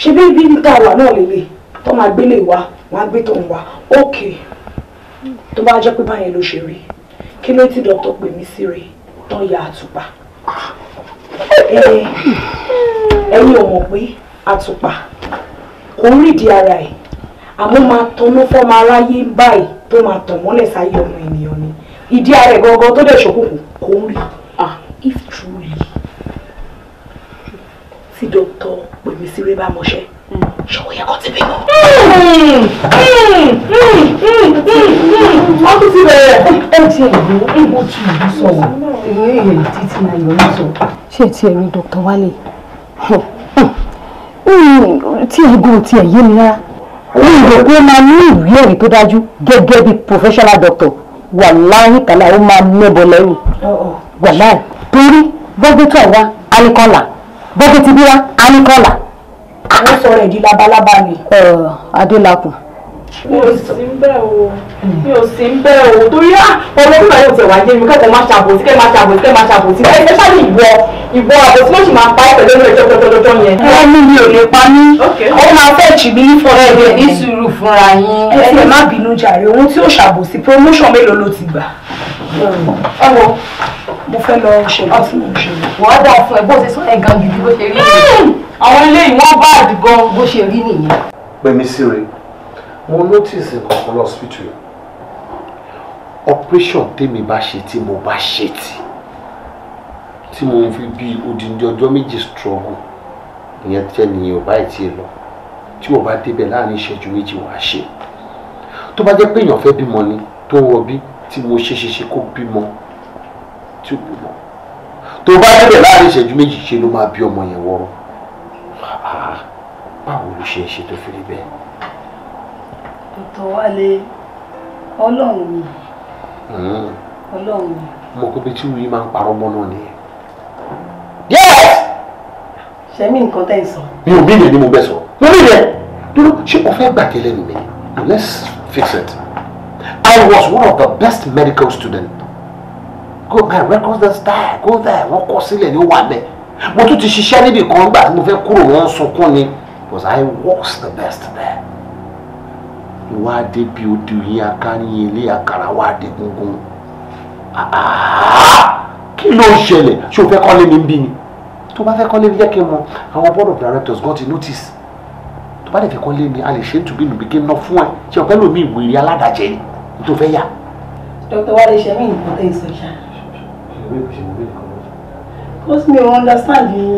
ṣe bí ibi níta wà náà lélẹ̀ tó máa gbélé wa wọn á gbé tó ń wa okay tó bá jẹ́ pé báyẹn ló ṣe rí kí ló ti dọ́tọ̀ pè mí sí rè tán ya àtùpà ẹ̀yin ò mọ̀ pé àtùpà kò ń rídìí ara ẹ̀ àmọ́ máa tanná fọ́mọ aráyé báyìí tó máa tàn mọ́lẹ̀ sáyé ọmọ ènìyàn ni ìdí ara ẹ̀ gangan tó dẹ̀ ṣòkùnkùn kò ń rí ah, if truly tí dókítà pè mí sí wíwá mọ́ṣẹ́ ṣòwò yẹ kó ti bímọ. wọ́n tún ti bẹ̀rẹ̀ ẹ ti ẹ̀ lò ó bó ti ìlú sọ̀rọ̀ èyí èyí títí náà yọ̀ ní sọ. ṣé ẹ ti ẹ̀ rí dókítà wálé tí ẹ̀gbọ́n ti ẹ̀ yé mi rárá. ó ń lò pé ó máa ní ìwé ẹ̀rí tó dájú gẹ́gẹ́ bí professional doctor wàláhì tàlà ó máa mẹ́bọ lẹ́yìn oh, oh. wàláhì torí bọ́gẹ́tọ̀ wa alikọ́là bọ́gẹ́tì bí wa alikọ́là. àwọn sọ̀rọ̀ ìdí labalábá ni. adélakùn mi ò sí ń bẹ̀ o mi ò sí ń bẹ̀ o torí á ah, ọmọ bíbá yóò tẹ̀ wá jẹ́ mi kẹ́kọ̀ọ́ máa ṣàbòsí kẹ́ máa ṣàbòsí kẹ́ máa ṣàbòsí bẹ́ẹ̀ ṣe ṣáàlì ìwọ ìwọ àbòsí ló sì máa pa ẹ̀fẹ̀ lórí ẹjọ́ pẹ́pẹ́lọ́jọ́ yẹn. ẹni mi ò lè pa mí ó máa fẹ́ jìbí ní fún ẹ̀rẹ̀ ní sùúrù fúnra yín. ẹ ti má bínú jàre ohun tí ó ṣàbòsí promotion mélòó ló ti gbà. ẹ wo mo fẹ́ lọ ṣe nǹkan tí mo ṣe. wọ́n á dáa fún ẹ bó ṣe sọ ẹ̀ gan mo notice nǹkan lọ hospital operation tèmi bá ṣe tí mo bá ṣe tí tí mo fi bí odindi ọjọ́ méjì struggle ìyẹn jẹ́ nìyẹn ò báyìí tiẹ̀ lọ tí o bá débẹ̀ láàrin ìṣẹ́jú méjì wàá ṣe tó bá jẹ́ pé èèyàn fẹ́ bímọ ni tó rọbí tí mo ṣe ṣe ṣe kó bímọ tí ó bímọ tó bá débẹ̀ láàrin ìṣẹ́jú méjì ṣe ló máa bí ọmọ yẹn wọ́rọ́ báwo ló ṣe ń ṣe tó fi rí bẹ́ẹ̀. Dr. Wálé ọlọ́run mi hmm. ọlọ́run mi. mo kọ́ pé tí wúri máa ń parọ́ mọ́ náà nìyẹn. yes. sẹ́mi nǹkan tẹ̀ ń sọ. mi ò mílíọ̀nù ni mo bẹ sọ mo mílíọ̀nù dúró ṣé o fẹ́ gbàgbé lẹ́nu mi let's fix it I was one of the best medical student go my records that style go there wọ́n kọ́ sílẹ̀ ní wà bẹ́ẹ̀ mo tún ti ṣiṣẹ́ níbi kan nígbà tí mo fẹ́ kúrò wọ́n sunkún ni because I was the best there ìwà adé bí odi yín akáríyìn ilé àkàrà wà dé gungun kí ló ń ṣẹlẹ̀ ṣé o fẹ́ kọ́lé mi ń bí ni tó bá fẹ́ kọ́lé mi jẹ́ kí n mọ àwọn board of directors got a notice tó bá lè fẹ́ kọ́lé mi a lè ṣe é tùbí lùbí kí n ná fún ẹ ṣé o fẹ́ lómi ìwé rí aládàjẹ́ ni tó fẹ́ yà. dr wale ṣe mí nǹkan tẹ́ ìsọ ṣá. ó sì understand you.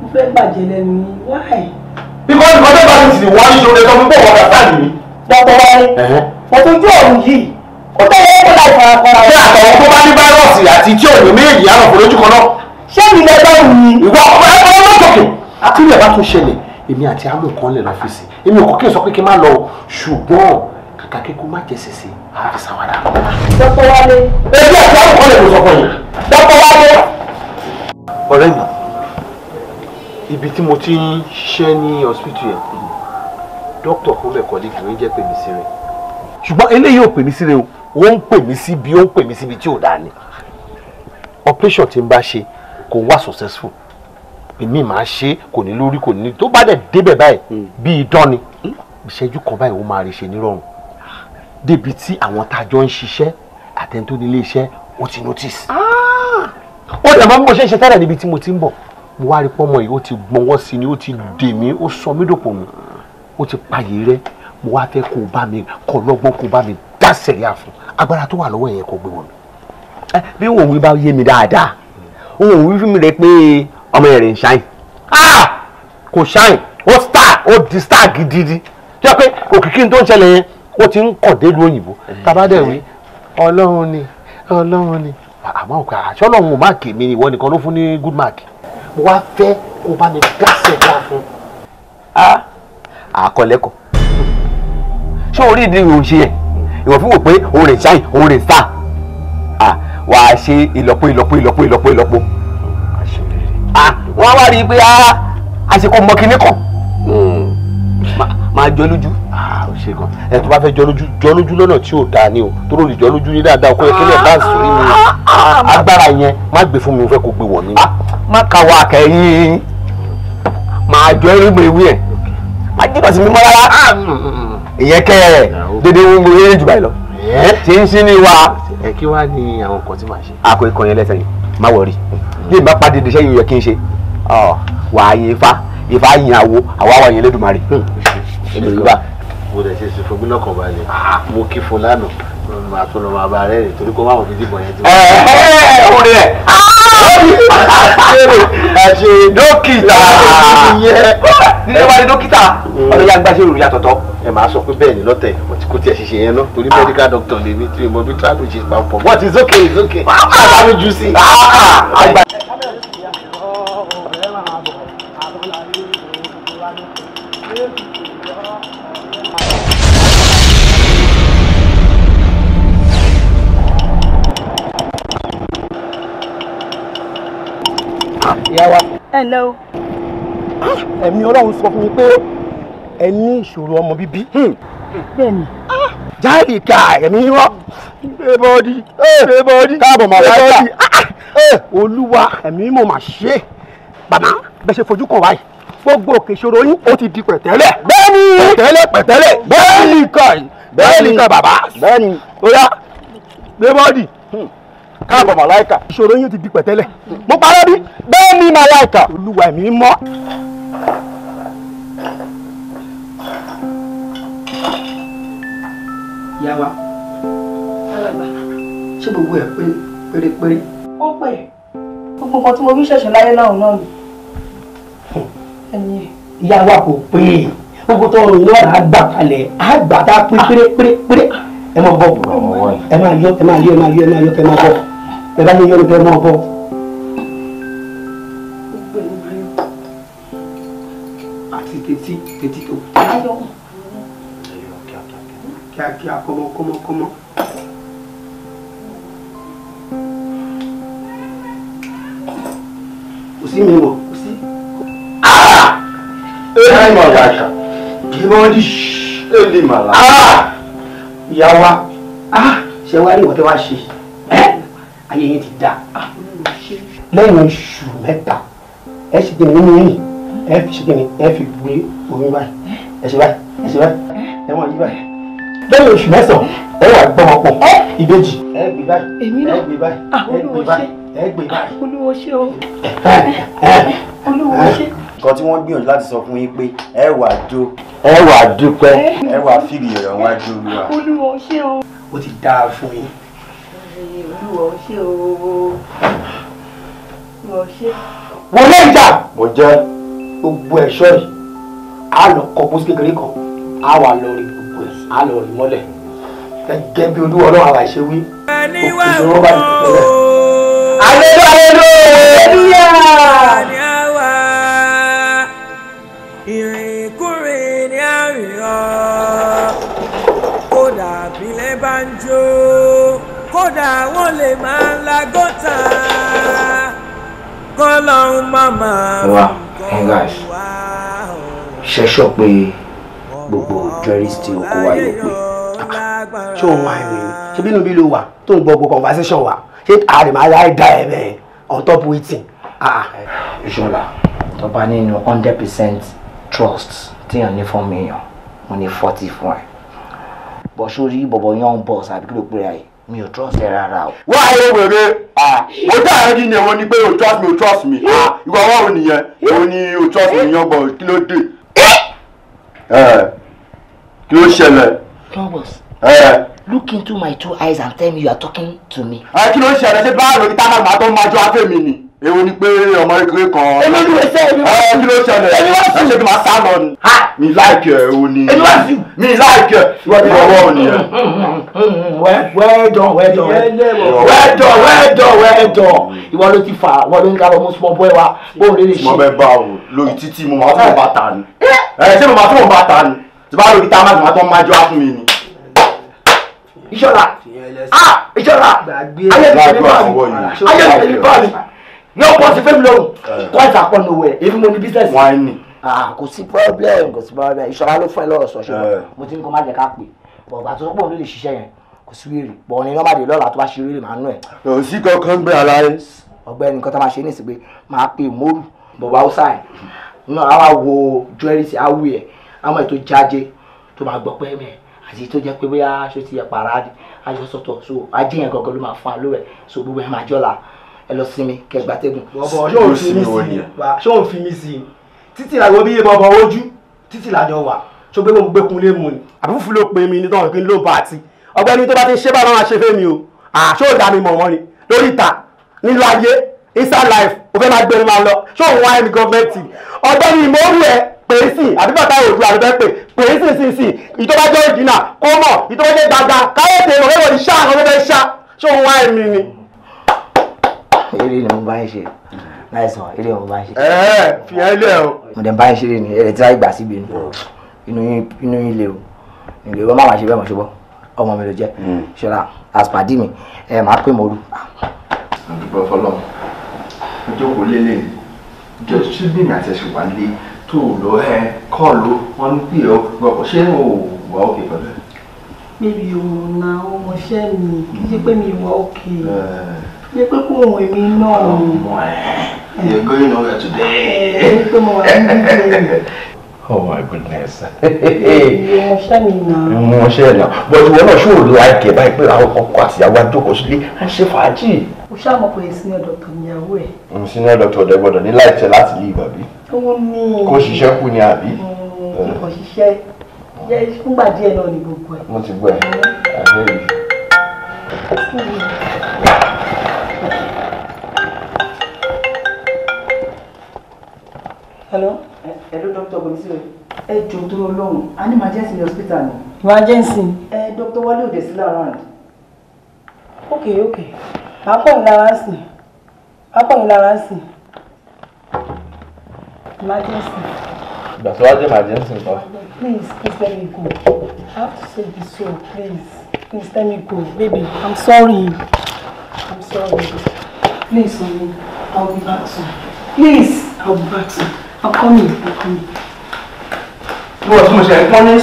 mo fẹ́ bàjẹ́ lẹ́nu yín why because my neighbor is the one ṣe orin ọmọ ìgbọ̀wọ̀ kàtà nìyí. dr wale òtútù ọ̀hún yìí ó tẹ́lẹ̀ ó láì farafara. ṣé àtàwọn tó bá ní fáírọ́ọ̀sì àti tí ò ní méjì àrùn kò lójú kan náà. ṣé mi lè bá òun yìí. ìwọ ọmọ ẹ ọmọ lọ́tọ̀kì. àti ilé bá tún ṣẹlẹ̀ èmi àti amú kan lè lọ́fíìsì èmi ò kò kí n sọ pé kí n má lọ ṣùgbọ́n kàkà kíkú má jẹ sèse àfi sàwádà. dr wale. ebi àti amú kan lè lọ sọ fún yín. dr wale. ọ̀rẹ́ mi ibi tí mo ti ń ṣiṣẹ́ ní hospital yẹn dókítà kó mẹ́kọ̀ọ́ lè fi jẹ́ pè mí síre ṣùgbọ́n eléyìí ò pè mí síre o ó ń pè mí síbi ó ń pè mí síbi tí ò dáa ni operation tí n bá ṣe kò wá successful èmi máa ṣe kò ní lórí kò ní tó bá dẹ̀ débẹ̀ báyìí bíi idán ni ìṣẹ́jú kan báyìí ó máa rí ṣe nírọ̀rùn débi tí àwọn tájọ ń ṣiṣẹ́ àtẹ̀ntó ó ti notice ah! ó dẹ̀ mọ́ bí mo ṣe ń ṣe tẹ́lẹ̀ níbi tí mo ti ń bọ̀ mo wá rí pọ́nmọ́ yìí ó ti gbọ́nwọ́ sí ni ó ti dè mí ó sọ mí dòpò nù ó ti payé rẹ mo wá fẹ́ kó o bá mi kọ́ lọ́gbọ́n kó o bá mi dá sẹ̀ríà fún agbára tó wà lọ́wọ́ yẹn kò gbé wọn. bí òun wí bá yé mi dáadáa òun wí fún mi rẹ pé ọmọ yẹn rẹ ń ṣáìn ah! kò ṣáìn ó star ó di star gidigidi tí wọ́n pé òkìkí tó ń ṣẹlẹ̀ yẹn ó ti ń kọ̀ délu òyìnbó tabadẹ̀wé ọlọ́run ni ọlọ́run ni àmọ́ òkè àṣọ ọlọ́run ò má kè mí ni ìwọ nìkan ló fún ní good mark mo wá fẹ́ kó bá mi dáṣẹ̀ dá fún. Ah, àkọlẹ́kọ̀ ṣé orí ìdí òun ṣe yẹ ìwọ̀n fún wò pé òun rè ṣáì òun rè sá ah, wà á ṣe ìlọ́po ìlọ́po ìlọ́po ìlọ́po ìlọ́po ah, wọ́n á wá rí i pé a ṣe kó mọ kinní kan máa jọ lójú. Ah, ẹ tó bá fẹ́ jọ lójú jọ lójú lọ́nà tí ò dáa ni o tó ló lè jọ lójú ní dáadáa o kò yẹ kí lè dáàsì sórí mi agbára yẹn má gbé fún mi mo fẹ́ kó gbé wọ̀ mí. Ah, má ka wọ akẹ́yìn máa jọ ẹrí gbé ewé ẹ̀ má jìnnà sí mi mọ́ rárá ah, mm, mm, mm. ìyẹn kẹ́ ẹ̀ dédé ń mú eré jù báyìí lọ eh? tí ń sí ní wa. ẹ kí wàá ní àwọn nǹkan tí màá ṣe. àkó ikọ̀ yẹn lẹ́sẹ̀ yìí má wọ̀ rí bí ìbá dèṣẹ́ yìí yẹ kí n ṣe wàá yin ifá ifá yin àwo àwa wà yin lẹ́dùnmarè. Hmm ìbìlúbà mo dẹ̀ ṣe sùn fún mi lọ́kàn balẹ̀ ah. Ah, mo kí fún lánàá mm, màá tún lọ máa bá rẹ̀ rìn torí kó máa wọ̀ fi dìbò yẹn ti. ẹ ẹ ẹ orin ẹ àṣe dókítà nílé wa ni dókítà mm. ọdún yá gbàṣẹ ìròyìn àtọ̀tọ̀. ẹ máa sọ pé bẹ́ẹ̀ ni lọ́tẹ̀ mo ti kó tiẹ̀ ṣiṣẹ́ yẹn náà torí ah. medical doctor lè tí mo bí travel ṣe papọ̀ but it's okay it's okay. wọ́n á bá mi jù sí ìyá wa. ẹ ah, ẹ̀mí ọlọ́run sọ fún mi pé ẹ ní ìṣòro ọmọ bíbí. Hmm. bẹ́ẹ̀ni. Ah, jáde ká ẹ̀mí rọ. bẹ́bọ̀dì eh, bẹ́bọ̀dì káàbọ̀ màá wá ká olúwa ẹ̀mí mo mà ṣe bàmá bẹ́ẹ̀ ṣe fojú kàn wáyìí gbogbo òkè yín ó ti di pẹ̀tẹ́lẹ̀. bẹ́ẹ̀ni pẹ̀tẹ́lẹ̀ pẹ̀tẹ́lẹ̀ bẹ́ẹ̀ni kan bẹ́ẹ̀ni kan bàbá. bẹ́ẹ̀ni ó yá bẹ́bọ̀dì káàbọ̀ màláìkà. ìṣòro yín ti di pẹ̀tẹ́lẹ̀ mo parọ́ bí bẹ́ẹ̀ ni màláìkà olúwa mi mọ́. ìyá wa ṣé gbogbo ẹ̀ pé pérépéré. ó pè gbogbo nǹkan tí mo rí ṣẹ̀ṣẹ̀ láyé náà náà ni. ìyá wa kò pé gbogbo tó ń lọ́ra àgbà kalẹ̀ àgbà tá a pín pérépéré ẹ máa bọ̀ ẹ máa yọ ẹ máa yọ ẹ máa yọ ẹ máa yọ ẹ máa bọ̀ ẹ bá yẹ yọ ẹ máa bọ̀. àti tètí tètí tó kíákíá kọ́mọ kọ́mọ kọ́mọ. kò sí mi mọ̀ kò sí. Ah! ẹ máa bàjá kí wọ́n di ṣé Ah! mà lára ìyá wa ah, ṣe wá rí ìwọ́n tẹ́ wá ṣe ayé yín ti dá ah, lẹ́yìn oṣù mẹ́ta ẹ ṣe gbìyànjú nínú yìí ẹ fi ṣe gbìyànjú ẹ fi gbé omi báyìí ẹ ṣe báyìí ẹ ṣe báyìí ẹ wọ́n yí báyìí lẹ́yìn oṣù mẹ́sàn ẹ wà gbọ́mọ pọ̀ ìbejì ẹ gbé báyìí ẹ gbé báyìí ah, ẹ gbé báyìí ẹ gbé báyìí olúwo ṣe o olúwo ṣe nǹkan tí wọ́n gbìyànjú láti sọ fún yín pé ẹ wà jó ẹ wà dúpẹ́ ẹ wà fìrì ọ̀rọ̀ wá jó olúwa. olúwa ṣé o. ó ti dáa fún yín. olúwa ṣé o. olúwa ṣé. wọlé ìjà. mo jẹ́ gbogbo ẹ̀ṣọ́ yìí á lọ kọ pósí kékeré kan á wà lọ rí gbogbo ẹ̀ á lọ rí mọ́lẹ̀ gẹ́gẹ́ bí olúwa ọlọ́run àwa ìṣe wí òkú ìṣòro bá máa ń la gọ́tà kọ́lọ́hún màmá fún nǹkan wá. ṣẹ́ṣọ́ pé gbogbo jẹ́rìsì tí oko wa yóò pé ah, ṣé òun wá ìwé ṣé bínú bí ló wà tó ń gbọ́ gbogbo conversation wa ṣé àrèmọ ara ẹ̀ dá ẹ̀ bẹ́ẹ̀ on top waiting. Ah, ah. ìṣọlá tó bá nínú hundred percent trust téèyàn ní fún mi yàn mo ní forty fún ẹ bọ̀ sórí bọ̀bọ̀ yan boss àbí kí ló pé ra mi ò trust ẹ rárá o. wá ayé wèrè mo dá ẹ ní ìwọ ni pé o trust me o trust me ìwọ wọn ò nìyẹn o ní o trust me yan bọ kí ló dé kí ló ṣẹlẹ̀. Thomas look into my two eyes and tell me you are talking to me. kí ló ṣẹlẹ̀ ṣé báwo ni táwọn àgbà tó ń máa jọ afẹ́ mi ni èwo ni pé ọmọ kékeré kan. èmi ni wèsè èmi wá sí. kí ló ṣẹlẹ̀ èmi wá sí. ṣé kí máa sá lọ ni. mi láìkì ẹ̀ o ni. èmi wá sí. mi láìkì ẹ̀ ìwọ ti ọwọ́ mi nìyẹn. well done well done well done ìwọ ló ti fà wọ́n ló ń ká ọmọ small boy wa bóun lè lè ṣe. mo bẹ bá o lórí títí mo máa tó bá ta ni. ẹ eh. eh, ṣé mo máa tó bá ta ni tí bá lórí táwọn àgbà tó máa jọ á fún mi ni. ìṣọ̀lá ah ayé ti tẹ̀lé báàmì ayé ti tẹ̀lé báàmì ní o kò sí fẹ́mi lóhùn twice àpọ̀ nowhere èmi mo ní business. wọ́n á ní. kò sí problem kò sí problem ìṣọ̀ra ló fún ẹ lọ́rọ̀ sọ ṣùgbọ́n uh. mo ti ní kó má jẹ́ ká pè bọ̀ ọ̀gbà tó pọ̀ ló lè ṣiṣẹ́ yẹn kò sí wèrè bọ̀ ní nọ́mbà dé lọ́la tó bá ṣe wèrè màá nù ẹ̀. kò sí kankan gbé aláyé. ọ̀gbẹ́ni nǹkan tó máa ṣe ní ìsìnkú máa pe mórù bọ̀bá hausa ẹ̀ náà àwa wo jewelry awi ẹ̀ àwọn ètò jáde tó máa gbọ́ pẹ́ mẹ́ àti tó jẹ́ pé bóyá aṣọ ti yẹ pàrọ̀ àjọsọ̀tọ̀ so ajé yẹn gangan ló máa fún alówẹ̀ so gbogbo ẹ̀ máa jọ́la ẹ lọ sinmi kẹgbàtẹgùn ọbọ ṣé òun fi mí sí ni ṣé òun fi mí sí ni títí làwọn bí ọbọ ojú títí làjọ wà ṣó gbé gbogbo gbẹkun lé mu ni. àbí fúlò pé mi ní tọ́wọ̀n kí n ló bá àti ọgbẹ́ni tó bá ti ń ṣe bá máa ṣe fẹ́ mi o àṣọ ìdá mi mọ̀mọ́ ni lórí ìta nílò ayé inside life o fẹ́ máa gbẹ̀rù máa lọ ṣó òun wáyé mi gọ́ọ̀mẹ́ntì ọgbẹ́ni ìmọ̀ọ́rù ẹ̀ pèésì àbí bàtà òdu àbẹ̀bẹ̀ pè pèésì sínsìn ìtọ́bájọ́ ìdínà kó mọ̀ ìtọ́bájọ́ gbàgbà káyọ̀tẹ̀ ìmọ̀ọ́rù ìṣá àwọn ọmọ eré ni mo bá ń ṣe láìsàn eré mo bá ń ṣe. ẹ fi ẹ lẹ o. mo dẹ̀ ń bá ń ṣeré ni ẹ̀rẹ̀ tí wàá gbà síbi ni inú yín le o ìlú ìwọ má máa ṣe bẹ́ẹ̀ mọ̀ ṣùgbọ́n ọmọ mi ló jẹ́ hmm. ṣọlá àsùpàdé mi ẹ máa pè mọ́lú. àdúgbò fọlọ́run ìjókòó lélẹ̀ jọ ṣíbìnì àti ẹ̀sùn wà lé tó o wà òkè pẹ̀lú ẹ. mi ò na ọmọọṣẹ́ mi kí ṣe pé yẹ pé kò wọ̀n mi náà. you are going nowhere today. ẹ ẹ pé mo wà ní ìdílé. Oh my goodness. Mo ṣe na. But ìwọ náà ṣòro láìkè báyìí pé àwọn ọkọ àti ìyàwó àjókòó sílé à ń ṣe fàájì. O ṣáà mọ̀ pé senior doctor níyàwó ẹ̀. Mm, senior doctor ọ̀dẹ gbọ́dọ̀ ní láìtẹ́ láti lé ìgbà bí. Kó ṣiṣẹ́ kú ni àbí. Eh. Kò ṣiṣẹ́ yẹ fúngbà díẹ̀ náà ni gbogbo ẹ̀. Mo ti gbọ́ ẹ̀. hello. hello dr bonisiwe ẹ jọ dúró lọ́hùn a ní emergency hospital ni. emergency. ẹ dr wale òde sí around. ok ok màá pọ̀ ní lára sí màá pọ̀ ní lára sí emergency. ìgbà tó wá jẹ́ please please let me go i have to save the soul please please let me go baby i'm sorry i'm sorry please omo i will be back soon please i will be back soon ọkọ mi ọkọ mi. bí wọ́n tún mo ṣe ń pọ́n ní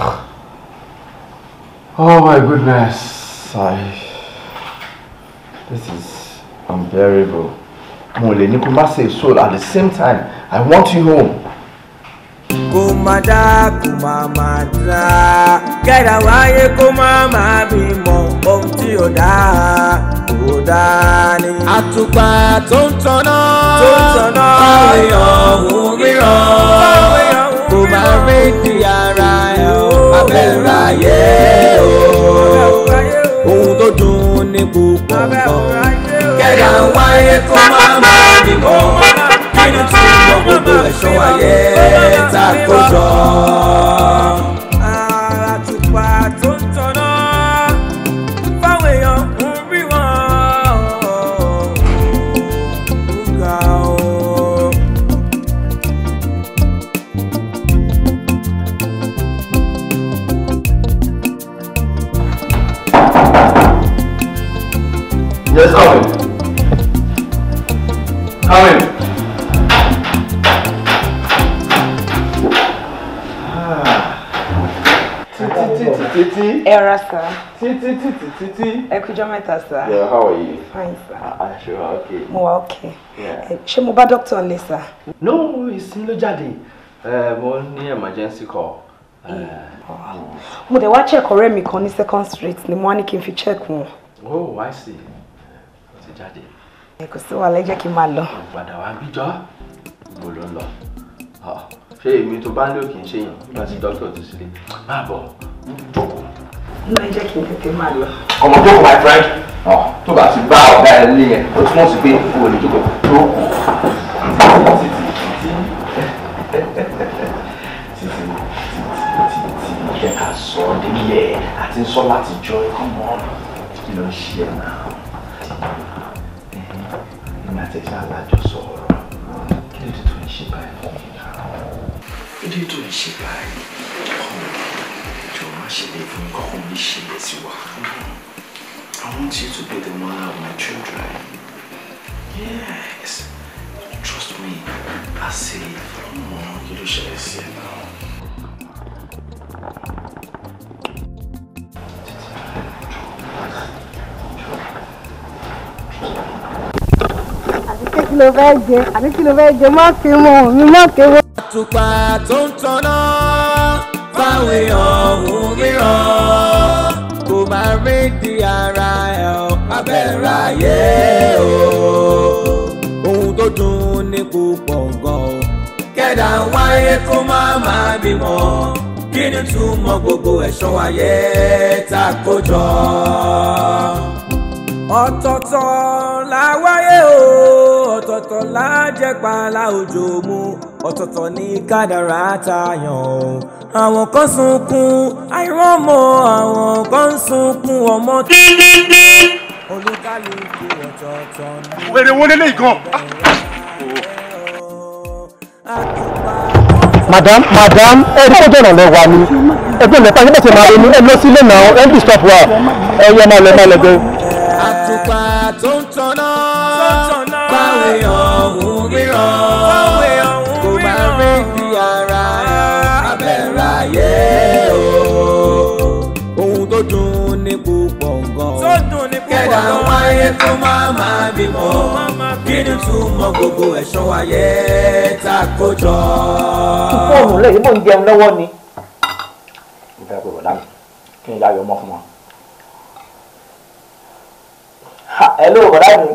Oh, oh. Oh my goodness, I... this is unbearable. Mole Nikuma says soul at the same time. I want you home. Go Kumada, kumamada kẹ́dà wáyé kó má máa bí mọ̀ ohun tí ò dáa kò dáa ni. àtùpà tó ń tanná tó ń tanná kò má rí di ara ẹ̀ o abẹ́rẹ́ ayé o ohun tó dùn ní gbogbo nǹkan kẹ́dà wáyé kó má máa bí mọ̀ nínú tí wọ́n gbogbo ẹ̀ṣọ́ ayé tá kó jọ. ra sir. Titi, titi, titi. ẹ kújọ́ sir. yeah how are you. fine sir. ah, ah sure ah, okay. mo wà okay. ṣé mo bá doctor lè sir. no ìsìn ló jáde mo ní emergency call. mo dẹ̀ wá check ọ̀rẹ́ mi kan ní second street ni mo wá ní kí n fi check wọn. oh i see ó ti jáde. ẹ kò sí wàhálà ẹ jẹ́ kí n máa lọ. ìgbàdà wa bíjọ́ mo ló ń lọ ah, ṣé èmi tó bá ń lò kì í ṣe yàn nígbà tí dókítà ti sílé máa bọ̀ jókòó náà jẹ́ kí n tètè máa lọ. ọmọ tó kọ my friend tó bá ti bá ọ̀gá ẹ lé yẹn ó túmọ̀ sí pé o ò lè jókòó tó kù. jẹ́ ká sọ ọ́ délé àti sọ láti jọ ẹ̀kọ́ mọ́ kí ló ń ṣe ẹ̀ náà. èmi àti ẹ̀ṣẹ́ alájọsọ ọ̀rọ̀ kí ló dé tó ń ṣe báyìí. kí ló dé tó ń ṣe báyìí ṣẹlẹ̀ fún kọ́kọ́ bí ṣẹlẹ̀ sí I want you to be the mother of my children. Yes. Trust me. I say it. Ọmọ kí ló ṣẹlẹ̀ sí ẹ náà? kí ló fẹ́ jẹ àbí kí ló fẹ́ jẹ má ké mọ́ mi má ké mọ́. àtùpà tó ń tanná báwo èèyàn wò ríran kò máa rí di ara ẹ̀ ọ́ abẹ́rẹ́ ayé o ohun tó dùn ní púpọ̀ gan o kẹ́dà wáyé kó má máa bímọ kí ni túmọ̀ gbogbo ẹ̀ṣọ́ ayé tá kó jọ. ọ̀tọ̀ọ̀tọ̀ la wáyé o ọ̀tọ̀ọ̀tọ̀ la jẹ́ pàlà òjò mu ọ̀tọ̀ọ̀tọ̀ ní kádàrá tá yàn o àwọn kan sunkún àìrọ́mọ àwọn kan sunkún ọmọ tó. olúkálùkù ọ̀tọ̀ọ̀tọ̀ ni. wèrè wọlé lè gan. madam madam ẹ rí kójú ọ̀nà lẹ́wà ni ẹgbẹ́ mẹ́ta ẹgbẹ́ tẹ̀ máa ronú ẹ lọ sílé náà ẹ ń dì stop wa ẹ yẹ máa lọ máa lọ gbé. àtùpà tó ń tanná. ó máa máa bímọ kí ni túmọ̀ gbogbo ẹ̀ṣọ́ ayé tá a kó jọ. fóònù lè yí mò ń jẹun lọ́wọ́ ni. mo fẹ́ pé bọ̀dá mi kí n láyọ̀ ọmọ fún wọn. hello bọ̀dá mi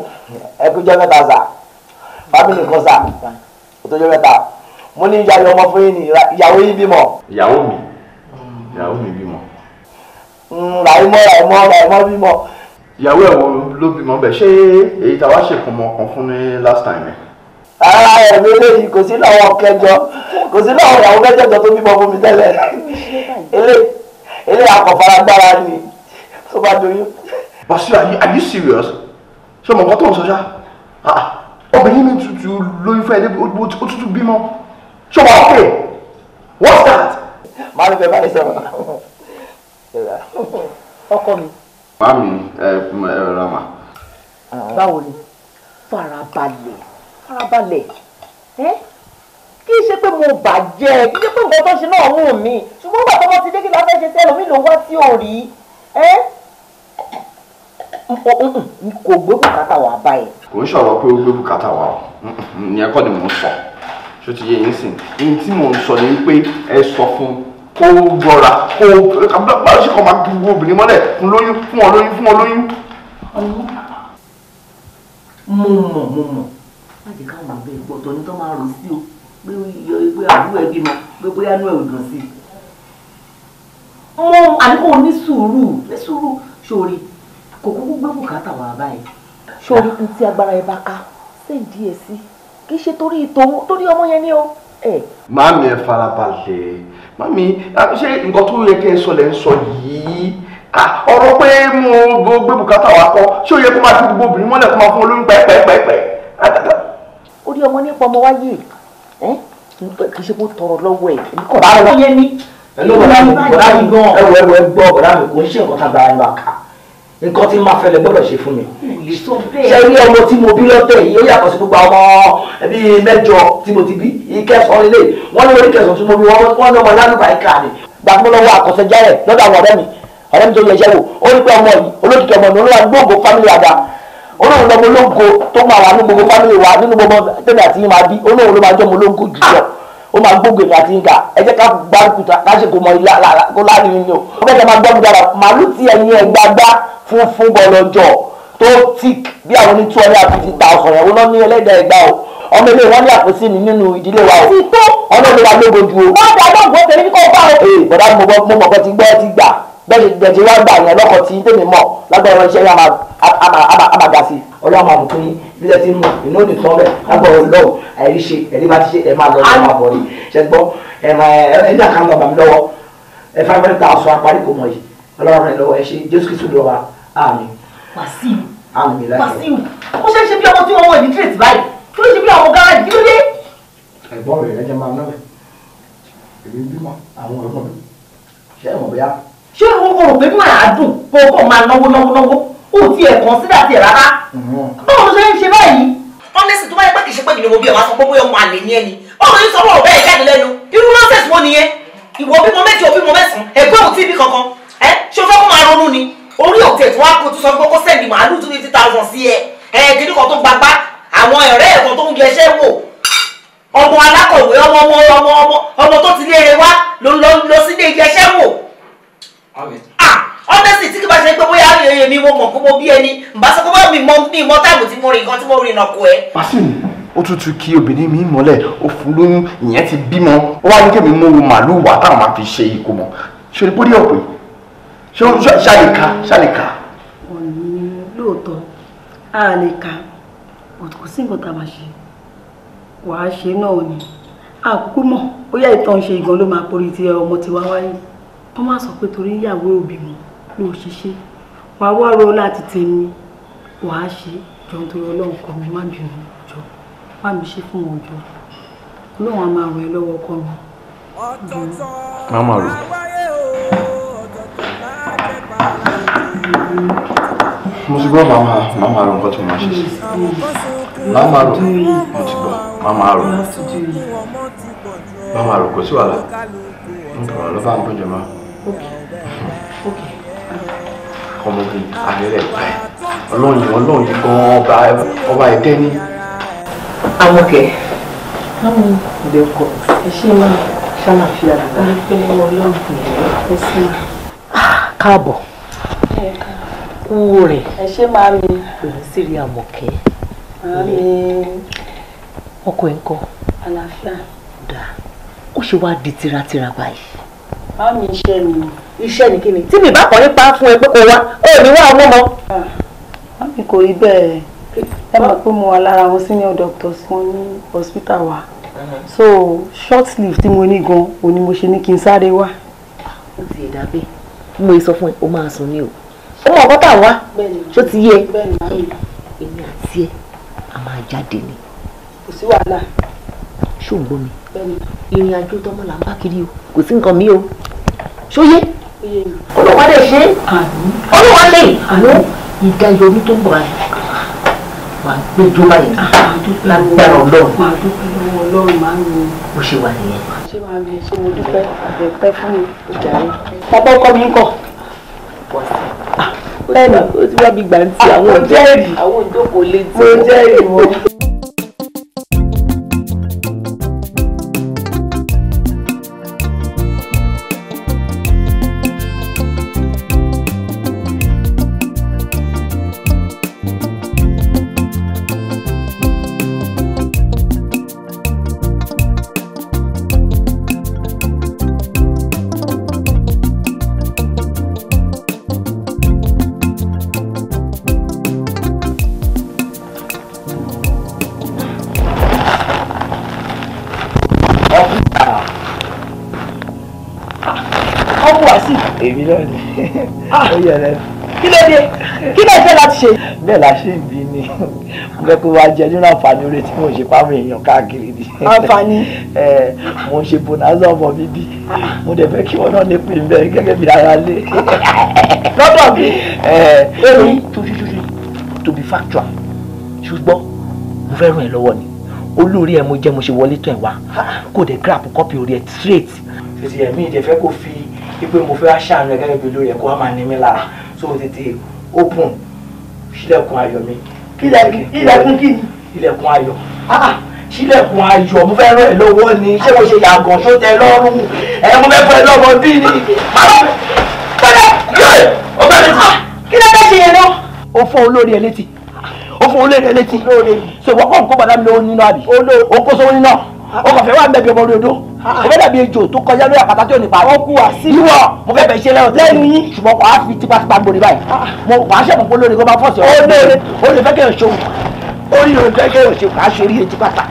ẹ kú jẹ́ mẹ́ta sà fámìlì kan sà kò tó jẹ́ mẹ́ta mo ní yayọ̀ ọmọ fún yín ni ìyàwó yín bímọ. ìyàwó mi ìyàwó mi bímọ. Hmm, ràìmọ́ ràìmọ́ ràìmọ́ bímọ ìyàwó ẹ̀ wo ló bímọ bẹ́ẹ̀ ṣé èyí tá a wá ṣèkómọ kan fún ní last time ẹ̀. ara ẹ̀mí eléyìí kò sí láwọn kẹjọ kò sí láwọn ìyàwó mẹ́jẹ̀jọ tó bímọ fún mi tẹ́lẹ̀ ilé akọ̀faragbára ni tó bá doyún. Bọ́sí are you are you serious? ṣé ọmọ kan tó ń sọ ṣá? Ah, obìnrin mi tutù lóyún fún ẹ ó tutù bímọ ṣé ọmọ ọkẹ what's that? máa ń fẹ́ báyìí sọ̀rọ̀ ọkọ mi mami ẹ rama. báwo ni farabalẹ̀ farabalẹ̀ ẹ́ kì í ṣe pé mo bàjẹ́ kì í ṣe pé nǹkan tó ṣe náà mú mi ṣùgbọ́n nígbà tó bá ti dé kí láfẹ́ ṣe tẹ́lẹ̀ mi ló wá tí ò rí ẹ́ kò gbé bùkátà wà báyìí. kò ń sọ̀rọ̀ pé ó gbé bùkátà wà o ìyẹn kọ́ ni mò ń sọ ṣó ti yé yín sìn ní tí mò ń sọ ni pé ẹ sọ fún kó rọra kó báwo ṣe kàn máa ju obìnrin mọ́lẹ̀ fún lóyún fún ọ lóyún fún ọ lóyún. mo mọ̀ mo mọ̀ láti káwọn ọ̀bẹ ìpọ̀ tọ́ ni tó máa rò sí o pé yọ ẹgbẹ́ àbúrò ẹbí mọ pé bóyá inú ẹ̀ ò dùn sí i. mo àníkò ní sùúrù ní sùúrù sórí kò kúkú gbé bùkátà wà báyìí. sórí n tí agbára ẹ bá ká ṣe díẹ̀ sí kì í ṣe torí ìtòun torí ọmọ yẹn ni o. màámi ẹ farabalẹ̀ mami ṣé nǹkan tó yẹ kí ẹ sọ lẹ́ ń sọ yìí ọ̀rọ̀ pé mo gbé bùkátà wa kọ́ ṣé ó yẹ kó máa fi gbogbo obìnrin mọ́lẹ̀ kó máa fún olóyún pẹ́ẹ́pẹ́ẹ́pẹ́. orí ọmọ nípa ọmọ wáyé kì í ṣe kó tọrọ lọ́wọ́ ẹ̀ kọ̀ bá wọ́n yé ní. ẹ ló wọ́n láyé gan-an ẹ wọ ẹ wọ ẹ gbọ́ ọ̀rá mi kò ń ṣe nǹkan tá a gbára ẹ máa kà á nǹkan tí n máa fẹlẹ̀ gbọ́dọ̀ ṣe fún mi. ṣe ní ọmọ tí mo bí lọ́tẹ̀ yìí ó yàtọ̀ sí gbogbo ọmọ ẹbí mẹ́jọ tí mo ti bí ìkẹsàn-án ilé wọ́n ní orí kẹsàn-án tí mo bí wọ́n ní ọmọ lálùbà ìka ni. gbàgbọ́ lọ́wọ́ àkọsẹ̀jáyẹ̀ lọ́dọ̀ àwọn ọ̀rẹ́ mi ọ̀rẹ́ mi tó yẹ ṣẹ́wò ó ní pé ọmọ yìí olókìkí ọmọ mi olúwa gbòògò fámìlì àdá olóhùn lọmọ olóńgò tó máa wà ní gbogbo fámìlì wa nínú gbogbo tẹ́lẹ̀ àti yín máa bí olóhùn ló máa jọ́ ọmọ olóńgò jùlọ ó máa gbógun èmi àti nǹkan ẹ jẹ́ ká gbárùkù ká ṣe kó mọ kó láàrin yín o ó fẹ́ kẹ́ máa gbọ́ mi dára màálù tí ẹ̀yin ẹ̀ gbagba funfun bọ̀lọ̀jọ̀ tó thick bí àwọn ní two hundred and fifty thousand ẹ̀wọ́n lọ́ní ẹlẹ́dàá ẹ̀gbá o ọmọ ilé wọn ní àpótí mi nínú ìdílé wa o ọmọ ilé wa lógo ju o. wọ́n ti àgbọ̀ngbọ̀n tèmi kó bá o. ee bọ̀dá mo mọ̀ kọ́ ti gbọ́ ti gbà bẹ́ẹ̀ ni dẹ̀jẹ̀ wá gbà yẹn lọ́kọ̀ tí tèmi mọ̀ lágbára wọn iṣẹ́ yẹn a máa ga sí ọlọ́run máa bùkún yín bí lẹ́tí mú inú òní tán bẹ́ẹ̀ lágbára ọlọ́run àìrí ṣe ẹ̀rí bá ti ṣe ẹ̀ máa lọ ẹ̀ máa bọ̀ ni ṣe gbọ́ ẹ̀ ẹ̀ ní àkànnà bàbá mi lọ́wọ́ ẹ̀ five hundred thousand apárí kò mọ̀ yìí ọlọ́run ẹ̀ lọ́wọ́ ẹ̀ ṣe jésù kìí sùdùrọ̀ wa àmín. wàsíù wàsíù ó ṣe é ṣe bí ọmọ tí wọn wọ ṣé o rò pé máa dùn kó o kò máa náwó náwó náwó o ò tiẹ̀ kàn sí dàtí ẹ̀ rárá báwo ṣe ń ṣe báyìí. ọ́nẹ́sì tó bá yẹ pé kì í ṣe pé mi ni mo bí ẹ̀ wá sọ pé bóyá ọmọ àlè ni ẹni báwo ni sọ́wọ́ ọ̀bẹ ẹ̀ jáde lẹ́nu irú nọ́ọ̀sẹ̀sì wo nìyẹn ìwọ bímọ méje òbímọ mẹ́sàn-án ẹ̀gbọ́n ò tí ì bí kankan ẹ ṣé o fẹ́ kó máa ronú ni orí òkè tí wọ́n á kó tó sọ pé kó sẹ́ẹ̀dì màálù two fifty thousand sí ẹ ẹ kìíní kan tó gbagbá àwọn ẹ̀rẹ́ ẹ̀kan Ah, honestly tí kì bá ṣe pé bóyá ayẹyẹ mi mo mọ̀ kó mo bí ẹni bá sọ pé bóyá mi mọ ní ìmọ̀ táàmù tí mo rìn nǹkan tí mo rìn nàkó ẹ. màsíìnì ó tutù kí obìnrin mi mọ́lẹ̀ ó fún lóyún ìyẹn ti bímọ ó wá ní kí èmi mú wo màálù wá táwọn máa fi ṣe ìkómọ ṣe bórí ọ̀pẹ ṣe ṣàlìkà ṣàlìkà. òní lóòótọ́ a lè ka kò sí nǹkan tá a máa ṣe wàá ṣe náà ni àkókò mọ̀ bóyá ìtàn ṣe ìgan ló máa porí ti ọmọ tiwa wáyé kó má sọ pé torí ìyàwó òbí mu ló ṣe wàá wá ro láti tèmi wàá ṣe jọ nítorí ọlọ́run kọ́ mi má bínú jọ wá mi ṣe fún wọn jọ ọlọ́run á máa ràn ẹ́ lọ́wọ́ ọkọ mi. má má rò. mo ti gbọ́ màmá màmá rò nǹkan tí máa ṣe màmá rò mo ti gbọ́ màmá rò màmá rò kò sí wàhálà nǹkan ló bá ń bójú máa ọmọbìnrin àárẹ̀ báyìí ọlọ́run ọlọ́run yìí gan ọba ọba ẹ̀dẹ́ ni. àwọn kẹ láwọn ìbẹ̀ ọkọ ẹṣẹ máa ṣàlàfíà nípa ọlọ́run ẹ sí. Ah, káàbọ̀ kú rẹ̀ ẹ ṣe máa mi. òun sì rí àmọ̀kẹ́. ọkọ ẹ̀ ń kọ́. àlàáfíà. dáa ó ṣe wá di tiratira báyìí bá mi iṣẹ́ ni iṣẹ́ ni kíni tí mi bá kọ́ nípa fún ẹ pé kò wá ó ní wá ọmọ mọ́. Ah. mami kò rí bẹ́ẹ̀ ẹ mọ̀ pé mo wà lára àwọn senior doctors wọn ní hospital wa uh-huh. so short sleeve tí mo ní gan òní mo ṣe ní kí n sáré wá. ó ti ẹ̀dá bẹ́ẹ̀ mo sọ fún ẹ o máa sùn ní o ó mọ̀ ọ́kọ́ tà wá ṣó ti yé èmi àti ẹ a máa jáde ni. kò sí wàhálà. ṣó mi ìrìn àjò tọmọ là ń bá kiri o kò sí nǹkan mi o ṣóyé olùwà lè ṣe olùwà lè àlọ ìdá yomi tó ń bọ̀ ayé wà á gbé jọba yìí ah, lágbára ọlọ́run ó ṣe wà nìyẹn. ṣé máa rí ṣé mo dúpẹ́ àbẹ̀pẹ́ fún mi ìjà yẹn. bàbá ọkọ mi ń kọ. Ah, bẹ́ẹ̀ni ó ti wá bí gbàǹtì ah, àwọn òjẹ́rìí àwọn òjòkó lè ti. mo jẹ́rìí wọn. Ah! kí ló dé kí ló fẹ́ láti ṣe. bẹ́ẹ̀ la ṣe ń bí ni mo fẹ́ kó wá jẹ nínú àǹfààní oore tí mo ṣe fáwọn èèyàn káàkiri ni. àǹfààní. ẹ mo ṣe bonanza ọmọ mi bí mo dẹ̀ fẹ́ kí wọ́n náà ní pin bẹ́ẹ̀ gẹ́gẹ́ bí ara lé. lọ́dọ̀ mi. ẹ ẹ to be factual ṣùgbọ́n mo fẹ́ ràn ẹ́ lọ́wọ́ ni olórí ẹ mo jẹ́ mo ṣe wọlé tán ẹ wá kó dẹ̀ grab copy orí ẹ straight. ṣèṣì ẹ̀mí ìdẹ̀fẹ́ kò fi wípé mo fẹ́ aṣáájú ẹ gẹ́gẹ́ bí olórí ẹ kó wá máa ní mi lára so tètè open ṣílẹ̀kùn ayọ̀ mi. ilẹ̀kùn kí ni. ilẹ̀kùn ayọ̀ ah, ah, ṣílẹ̀kùn ayọ̀ mo fẹ́ ràn ẹ́ lọ́wọ́ ni ṣé mo ṣe yàgàn tó tẹ lọ́rùn ẹ̀ mo fẹ́ fẹ́ lọ́mọ bí ni. Ah, kí ṣe yẹn náà. ó fọ́ olórí ẹ létí ó fún olóore létí ṣèwọ́kọ̀ nǹkó bàdá mi lówó nínú àbí ó kó sówó nínú ó fẹ́ wà ń bẹ̀bí ọmọ orí odó o fẹ́ dàbí ejò tó kọjá lórí àpáta tí ò ní pa ọkù wá sí i wọ mo fẹ́ bẹ̀ ṣe lẹ́yìn lẹ́nu yín ṣùgbọ́n wàá fi tipátipá gbòdì báyìí ah. mo wàá ṣẹ̀mú pé lórí kó bá fọ̀sẹ̀ ó lè ó lè fẹ́ kẹ́ ẹ̀ ṣòwò ó lè fẹ́ kẹ́ ẹ̀ ṣòwò kà á ṣe orí etí pátá.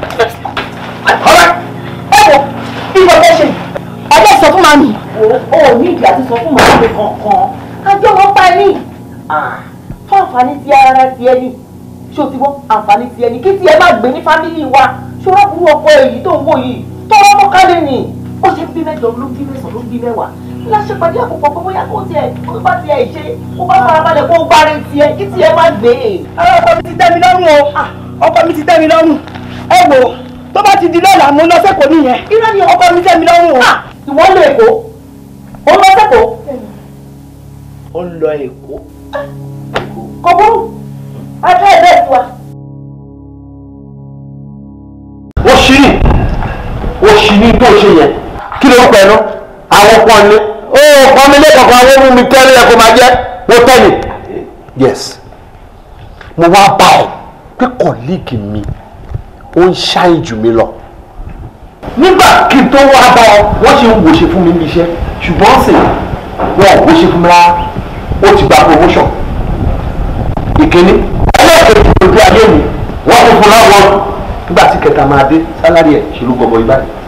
ọ̀rẹ́ ẹ wo bí mo fẹ́ ṣe ẹgbẹ́ sọ fún màmí. o ò ní ìdí àti sọ fún màmí kankan àjọ wọn pa ẹni ah, fún àǹfààní ti ara ti ẹni ṣó ti wọ́n àǹfààní ti ẹni kí ti ẹ má gbé ní fámìlì wa ṣó rọ́ọ̀kú ọkọ èyí tó ń wò yìí tọrọ mọ́ kálí ni ó ṣe ń bí mẹ́jọ ló bí mẹ́sàn ló bí mẹ́wàá láṣẹ pàdé àkókò pé bóyá kó tiẹ̀ kó bá tiẹ̀ ṣe kó bá farabalẹ̀ kó gbáre tiẹ̀ kí tiẹ̀ má gbé. ọkọ mi ti tẹ́ mi lọ́rùn o ah. ọkọ mi ti tẹ́ mi lọ́rùn ẹ wò tó bá ti di lọ́la mo lọ sẹ́kọ̀ọ́ nìyẹn irọ́ ni ọkọ mi tẹ́ mi lọ́rùn o. Ah. ìwọ lọ èkó ó lọ sẹ́kọ̀ọ́ ó lọ èkó kò burú adé ẹ̀ bẹ́ẹ̀ fún wa. bí tó ṣe yẹ kí ló ń pẹ̀lú àwọn kan ní ó kọ́ mi lẹ́kọ̀ọ́ àwọn ohun mi tẹ́lẹ̀ ẹ̀kọ́ máa jẹ́ wọ́n tẹ́lẹ̀ yes mo wá bá ọ pé kọ̀líìgì mi ó ń ṣáì jù mí lọ nígbà kí n tó wá bá ọ wọ́n ṣe ń wòṣe fún mi níbi iṣẹ́ ṣùgbọ́n sì wọn ò wòṣe fún mi rárá ó ti gba promotion ìkíní ẹlẹ́ẹ̀kejì lójú ayé mi wọ́n tún fún láwọn nígbà tí kẹta máa dé sálárì ẹ̀ ṣèlú gbọ̀gbọ̀ ìbàdàn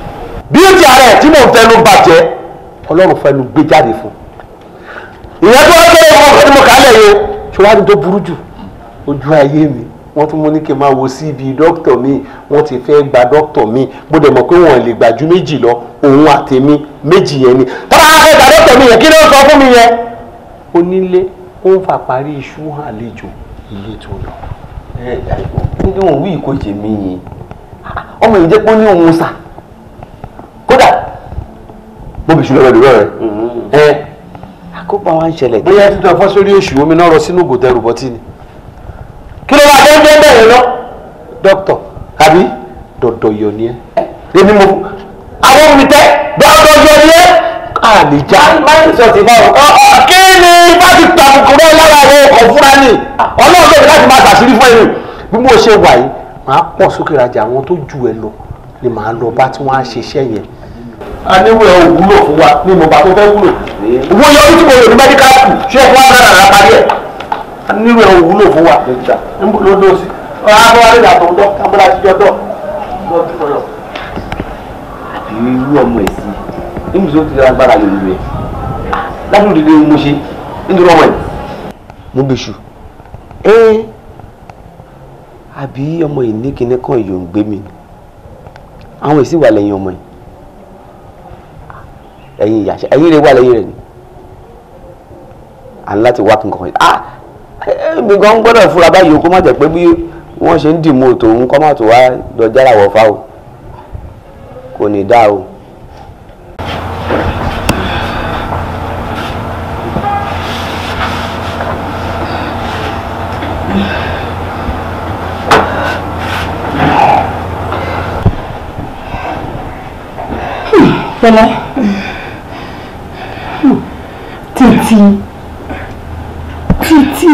bíútì ara ẹ̀ tí mò ń fẹnu bàjẹ́ ọlọ́run fẹnu gbé jáde fún ìyẹn tó wá gbé ọkọ̀ tí mo kà á lẹ̀ yìí ṣé wàá ní tó burú jù ojú ayé mi wọ́n tún mú ní kí n máa wo sí ibi dókítà mi wọ́n ti fẹ́ gba dókítà mi bó dẹ̀ mọ̀ pé wọ́n lè gbà ju méjì lọ òun àtẹ̀mí méjì yẹn ni tọ́ba á fẹ́ gba dókítà mi yẹn kí ló ń sọ fún mi yẹn. onílé ó ń fà parí iṣu àlejò ilé tó lọ. ẹ ẹ kí ni wí ìkọ́jẹ́ mi yìí ọmọ ìjẹ́pọ̀ ní òun sà bóbi ṣùgbọ́n ẹ̀rọ ìrọ̀ rẹ̀ ẹ àkópa wa ń ṣẹlẹ̀. bóyá dídá fásórí èṣù omi náà rọ sínú ògùn tẹrù bọ́tì ni. kí ló wá dé dé bẹ̀rẹ̀ lọ. dókítà àbí dọ̀dọ̀ yọ ni ẹ. èmi mo fún àwọn mi tẹ dọ̀dọ̀ yọ ni ẹ. àlìjá máa ń sọ sí báwo. kí ni bá ti tàbùkù rẹ lára rẹ ọkọ̀ fúnra ni ọlọ́run lóbi láti máa tàṣírí fún ẹ̀yìn bí mo ṣe wà yìí màá pọ̀ sókè rajà àwọn tó ju ẹ lọ ni màá lọ bá tí wọ́n á ṣiṣẹ́ yẹn aníwẹ̀ òwúlò fún wa ní ìmọ̀ba tó fẹ́ wúlò owó yọ ojú mo lò ní mẹ́díkàlù ṣé ẹ̀kọ́ ara rà parí ẹ̀ aníwẹ̀ òwúlò fún wa lọ́dọ̀ sí ọ̀rọ̀ abọ́wálé dàtọ̀ ńdọ́ kábọ́lá ti jọ́dọ̀ lọ́dún lọ́dọ̀. irú ọmọ ẹ̀ sí níbi tó ti agbára lè lu ẹ̀ ládùúgbò lè mú ṣe nítorí ọmọ ẹ̀. mo bẹ̀ṣù ẹ́ àbí ọmọ ìní kinní kan yóò ń gbé mi àwọn èsì wà lẹ́yìn ọmọ yìí ẹ̀yin ìyá ṣe ẹ̀yin rẹ̀ wà lẹ́yìn rẹ̀ ni à ń láti wá kí n ah ẹ̀mí gan gbọ́dọ̀ fúra báyìí o kó má jẹ́ pé bí wọ́n ṣe ń dìmú tòun kọ́ má tó wá dọjá làwọ̀ fá o kò ní dá o. Hmm, Bẹ́ẹ̀ titi titi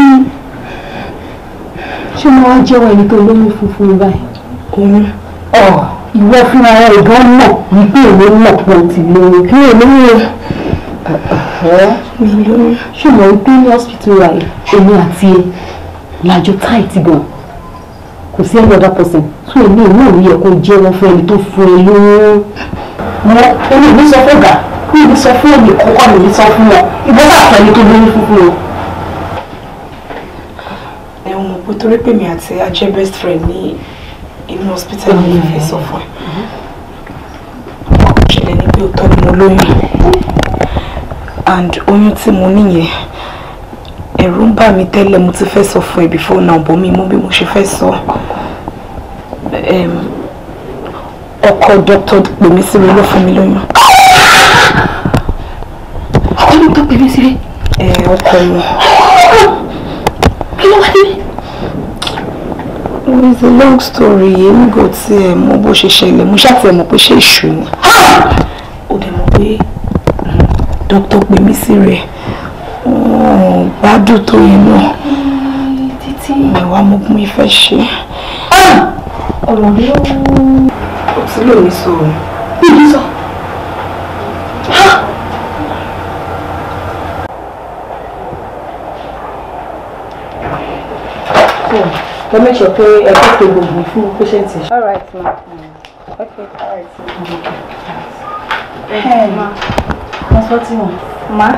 ṣé mo wá jẹ́wọ́ ẹni tó lóyún funfun báyìí. oyún ọ ìwọ fún ara ìgbà mọ wípé èmi mọ pé o ti lóyún. mi ò lóyún mi ò lóyún. ṣùgbọ́n o dé ní hospital wa èmi àti ẹ lájọ tight gan kò sí any other person tó èmi ìmú mi yẹ kó jẹ́wọ́ fún ẹni tó fún ẹ lóyún. mo ò ní sọ fún ọ̀gá mi ò sọ fún èmi kọ́kọ́ mi sọ fún wọn ìbọn bá pẹ̀lú tó lórí fúnfún wọn. ẹ wọn kò torí pé mi àti ajé best friend ní inú hospital ní ìfẹ́ sọ fún ẹ. ọkọ ìṣẹ̀lẹ̀ ni pé òótọ́ ni mo lóyún and oyún tí mo níyẹn ẹ̀rù ń bà mí tẹ́lẹ̀ mo ti fẹ́ sọ fún ẹ before now bọ́ mi mú bí mo ṣe fẹ́ sọ ọkọ dókítà pè mí sí mi ló fún mi lóyún. pè mí sílé. ẹ ọkọ mi. kí ló wá dé. it's a long story èmi kò tiẹ̀ mọ bó ṣe ṣẹlẹ̀ mo ṣàtìlẹ̀ mọ̀ pé ṣé èṣù ni. ó dẹ̀ mọ̀ pé mm, dókítà pè mí sí rẹ̀ gbádùn tó yẹn náà títí ìwà mọ́gbọ́n ìfẹ́ ṣe. ọ̀rọ̀ mi ó ti lò mí sọ̀rọ̀. ẹ make sure pé ẹ kó tó gbogbo patient yìí. all right ma Okay, all right ma. ẹ ma wọ́n sọ tí wọ́n. ma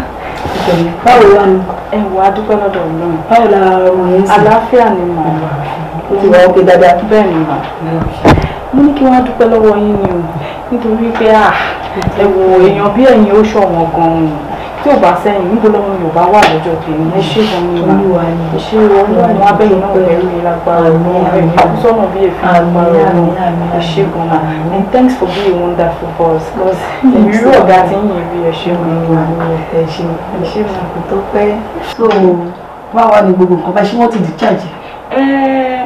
Okay. How wà ní. ẹ wà á dúpẹ́ lọ́dọ̀ ọlọ́run. báwo la ọmọ yẹn I'm àlàáfíà ni mà á. o ti wà ó pé dáadáa. bẹ́ẹ̀ ni mà á. mo ní kí wọ́n á dúpẹ́ lọ́wọ́ yín ni o nítorí pé ẹ wo èèyàn bí ẹ̀yin ó ṣọ̀wọ́n gan-an tí ò bá sẹ́yìn níbo lọ́mọ Yorùbá wà lọ́jọ́ tèmi ẹ ṣe ní olúwa ni ẹ olúwa ni wọn náà pẹ̀lú mi lágbára ọ̀nà bíi èfi lágbára ọ̀nà ẹ ṣe gan thanks for being wonderful for us because ìrírí ọ̀gá ti ń yìí rí ẹ ṣe gan kò tó pẹ́. so báwa ni gbogbo nǹkan bá ṣe wọ́n ti discharge.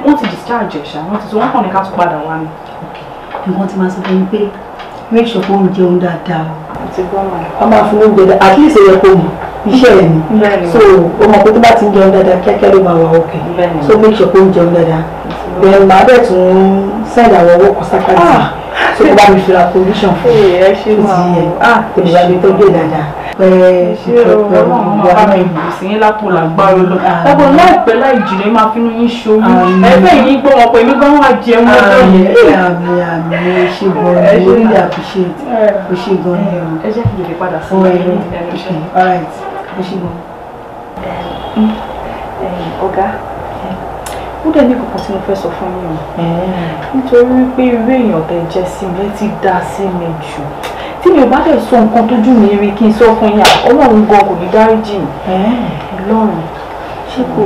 wọ́n ti discharge ṣá wọ́n ti so wọ́n kàn ní ká tún padà wá ni. ok nǹkan ti máa sọ a máa fún oúnjẹ dá at least ẹ̀yẹ kò mọ̀ iṣẹ́ ẹ̀ ni so o mọ̀ pé tó bá ti ń jẹun dáadáa kíákíá ló máa wà òkè so make sure kó ń jẹun dáadáa then màá bẹ̀ tún send àwọn owó kan sápá sí ah! so kó bá mi fi ra provision fún un ó ti yẹ kó bá mi tọ́jú ẹ̀ ah! dáadáa pẹ́ ìjọpẹ́ ìyá mi sí yín lápò lágbára lọ ọgbọ láìpẹ́ láì jìnnà ẹ máa finú yín ṣó ẹgbẹ́ yìí gbọ́ wọn pé mi gan wà jẹ wọn lọ. àmì àmì àmì ẹ ṣe gan ni mo really appreciate ẹ ṣe gan ni o. ẹ jẹ́ kí n lè padà sí ẹ̀rọ ẹ̀rọ all right ẹ ṣe gan. ọ̀gá ó dẹ̀ ní kankan tí mo fẹ́ sọ fún yín o nítorí wípé irú èèyàn tẹ́ jẹ́ sí mi ẹ ti dá sí mi jù tí mi ò bá dẹ̀ sọ nǹkan tójú mi rí kí n sọ fún yà ọlọ́run gan kò ní dáríjì ọlọ́run ṣé kò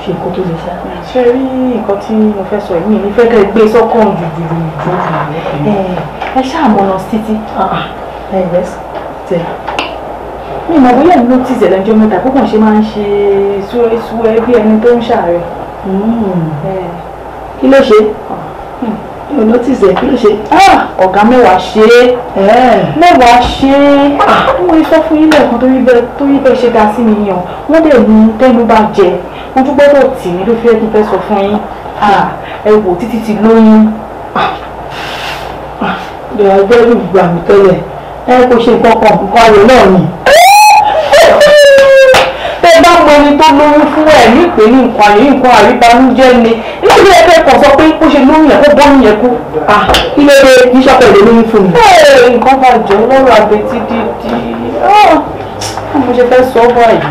ṣe nǹkan tó lè ṣá. ṣe rí nǹkan tí mo fẹ́ sọ yìí mi fẹ́ kẹ́ gbé sọ́kàn jùjùjù ẹ ṣáà mọ̀ lọ sí títí. ẹ ẹ tẹ mi mọ̀ bóyá ìlú ti ṣẹlẹ̀ ọjọ́ mẹ́ta púpọ̀ ṣe máa ń ṣe súwẹ́ bí ẹni tó ń ṣàárẹ̀. Hmm. kí ló ṣe? Ah. Hmm mo notice ẹ kí ló ṣe. Ah! ọ̀gá mẹ́wàá ṣe é mẹ́wàá ṣe é wọ́n ah! sọ fún yín lẹ́ẹ̀kan tó yí bẹ́ẹ̀ ṣe dá sí mi yàn wọ́n dẹ̀ ní tẹ́nu bá jẹ ojú gbọ́dọ̀ tì mí ló fi ẹ́ kí n fẹ́ sọ fún yín ah! ẹ wò títí ti lóyún. ìrìnàjò ẹlú gbàmù tẹ́lẹ̀ ẹ kò ṣe nǹkan kan nǹkan ayọ̀ náà ni ẹni tó lóyún fún ẹ̀ ní ìpè ní nǹkan àyè nǹkan àríbanújẹ́ ni ilé ìgbé ẹgbẹ́ kan sọ pé ó ṣe lóyún yẹn kó bọ́yún yẹn kú ah, ilé ìgbé níṣẹ́ pẹ̀lú lóyún fún mi. ee nǹkan bá jọ lọ́rọ̀ abetí dídí mo ṣe fẹ́ sọ ọ́ báyìí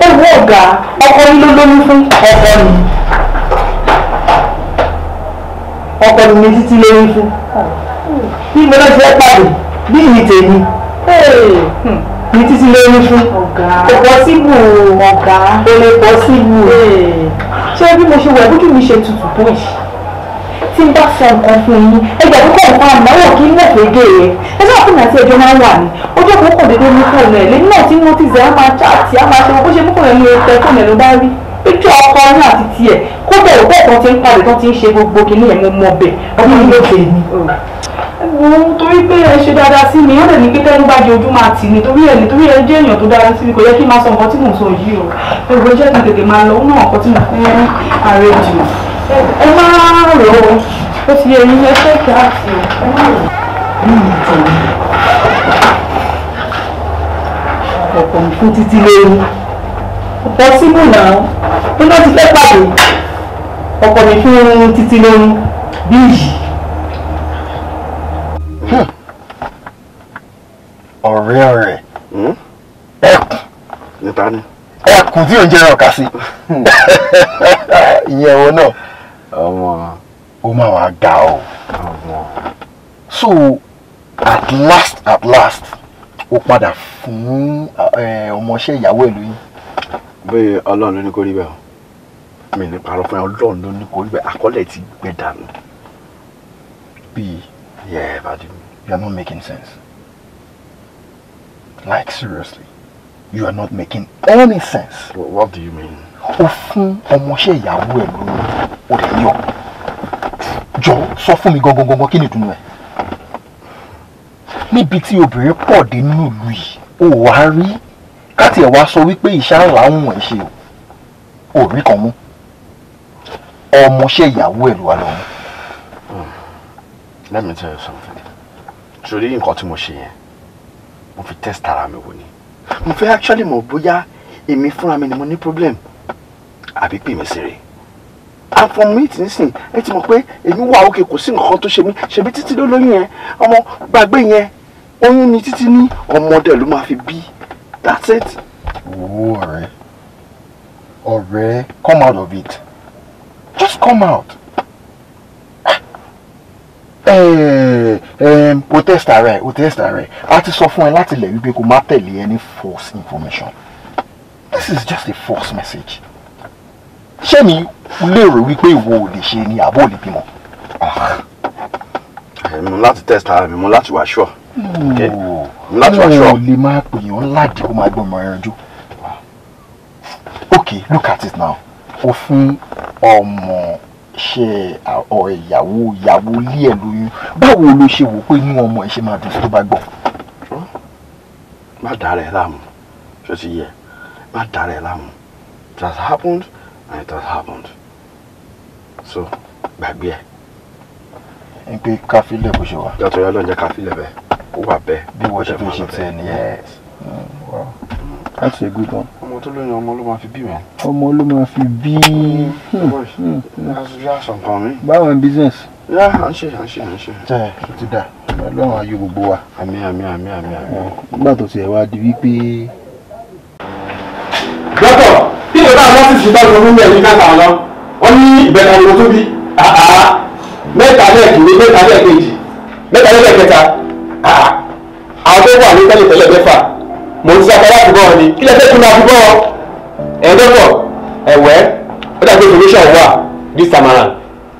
ẹ wo ọ̀gá ọkọ yín ló lóyún fún ọkọ mi ọkọ mi ní títí lóyún fún bí mo lọ ṣe pàdé bí ìyí tèmi. Hmm bí títí lórí fún kò pọ́síbù ọ̀gá kò lè pọ́síbù eh. ṣé bí mo ṣe wọ̀ bójú mi ṣe tutù tó yìí tí n bá sọ nǹkan fún yín ẹgbẹ́ àkókò nǹkan àmọ́wò kí n mọ̀ pé gé e ẹ sábà fún mi àti ẹjọ́ máa ń wà ní ojú ọkọ̀ kò dédé mú fóònù ẹ̀ lẹ́yìn náà tí mo ti zẹ̀ á máa chaàtì á máa ṣe bó ṣe mú fóònù ẹ̀ ló tẹ fóònù ẹ̀ ló bá rí píkì ọkọ ní àti tiẹ̀ kó bẹ̀rù bẹ́ẹ̀ tó ti ń pàdé tó ti ń ṣe gbogbo kìíní ẹ̀ mo mọ bẹ̀ ọmọ mi ló ṣe ni. mo torí pé ẹ ṣe dáadáa sí mi ó lè ní pé tẹ́nu bá di ojú máa tì ní torí ẹ̀ nítorí ẹ jẹ́ èèyàn tó dára sí mi kò yẹ kí n máa sọ nǹkan tí mò ń sọ yìí o ẹ̀rọ jẹ́ kí n tètè máa lọ náà nǹkan tí mo fẹ́ ààrẹ jù ẹ má ó ó ti ọ̀pọ̀ nǹkan títí lórí pọ́sibù náà tó náà ti fẹ́ pàdé ọkọ mi fún títí lóyún bí yìí. Hmm. ọ̀rẹ́ rẹ̀ hmm? ẹkùn níta ni ẹkùn tí ò ń jẹ́ ọ̀ka sí hmm. ìyẹn wọn náà ọmọ ó máa wá ga ọ so at last at last ó padà fún eh, ọmọọṣẹ́ ìyàwó ẹ̀ lóyún bẹ́ẹ̀ ọlọ́run ló ní kó rí bẹ́ẹ̀ o mi ní parọ́ fún ẹ ọlọ́run ló ní kó rí àkọlẹ̀ ti gbẹ dànù bíi yeah bàdí you are not making sense like seriously you are not making any sense. Well, what do you mean. o fún ọmọọṣẹ́ ìyàwó ẹ̀ lóyún o lè yọ jọ sọ fún mi gangan gangan kí ni ìdùnnú ẹ níbi tí obìnrin pọ̀ dé nínú ìlú yìí o wá rí káti ẹ̀ wá sọ wípé ìṣáàlà ń wọ̀n ṣe o kan mú ọmọọṣẹ́ ìyàwó ẹ̀ ló wà lọ́wọ́. Hmm. let me tell you something torí nǹkan tí mo ṣe yẹn mo fi test ara mi wò ni mo fẹ́ actually mọ̀ bóyá èmi fúnra mi ni mo ní problem àbí pè mí sèré and for me ti nsìn ẹ ti mọ̀ pé èmi wà òkè kò sí nǹkan tó ṣe mí ṣebí títí ló lóyún yẹn ọmọ gbàgbé yẹn oyún ni títí ní ọmọdé ló máa fi bí that's it. wo ọ̀rẹ́ come out of it just come out. Eh, um, o test ara ẹ o test ara ẹ a ti sọ fún ẹ láti lẹ̀ any false information this is just a false message ṣé mi lérò wípé ìwọ ò lè ṣe ni àbó ò lè bímọ. Ah, mo láti test ara mi mo láti wá sure. Hmm. láti wá ṣọ́. wọ́n lè máa pèèyàn láàdì kó máa gbọ́n mọ́ra ẹranjú. okay look at it now o fún ọmọ ṣe ìyàwó ìyàwó ilé ẹ̀ lóyún báwo ló ṣe wò pé inú ọmọ ẹ̀ ṣe máa dùn tó bá gbọ́. má dà rẹ̀ láàmú ṣó ti yẹ má dà rẹ̀ láàmú it has happened and it has happened so gbàgbé ẹ. ẹ pé káfílẹ̀ bó ṣe wà. yàtọ̀ yà ló ń jẹ́ káfílẹ̀ bẹ́ẹ̀ ó wà bẹ́ẹ̀ bí wọ́n ṣe fi ṣe tiẹ̀ nìyẹn. Mm, that's a good one. ọmọ tó lóyún ọmọ ló máa fi bí mi. ọmọ ló máa fi bí. Mm, hmm, hmm, hmm. Eh? báwo ni business. yá à ń ṣe à ń ṣe à ń ṣe. tẹ ẹ ti dà ọlọ́run ayé gbogbo wa. àmín àmín àmín àmín. nígbà tó ti ẹ̀ wá di wípé. dọ́tọ̀ kí ló bá lọ́sìsì bá lọ fún ẹ̀yìn káta lọ wọ́n ní ìbẹ̀rẹ̀ àwọn tó bí mẹ́ta lẹ́ẹ̀kì mẹ́ta lẹ́ẹ̀kejì mẹ́ta lẹ́ẹ̀kẹta àwọn tó wà ní tẹ́lẹ̀ tẹ́lẹ̀ mẹ́fà mo ti sọ láti bọ́ ọ ni kí lẹ́sẹ̀ tún máa fi bọ́ ọ ẹ̀ẹ́dọ́gbọ̀ ẹ̀wẹ́ ó dàgbé information wà this time around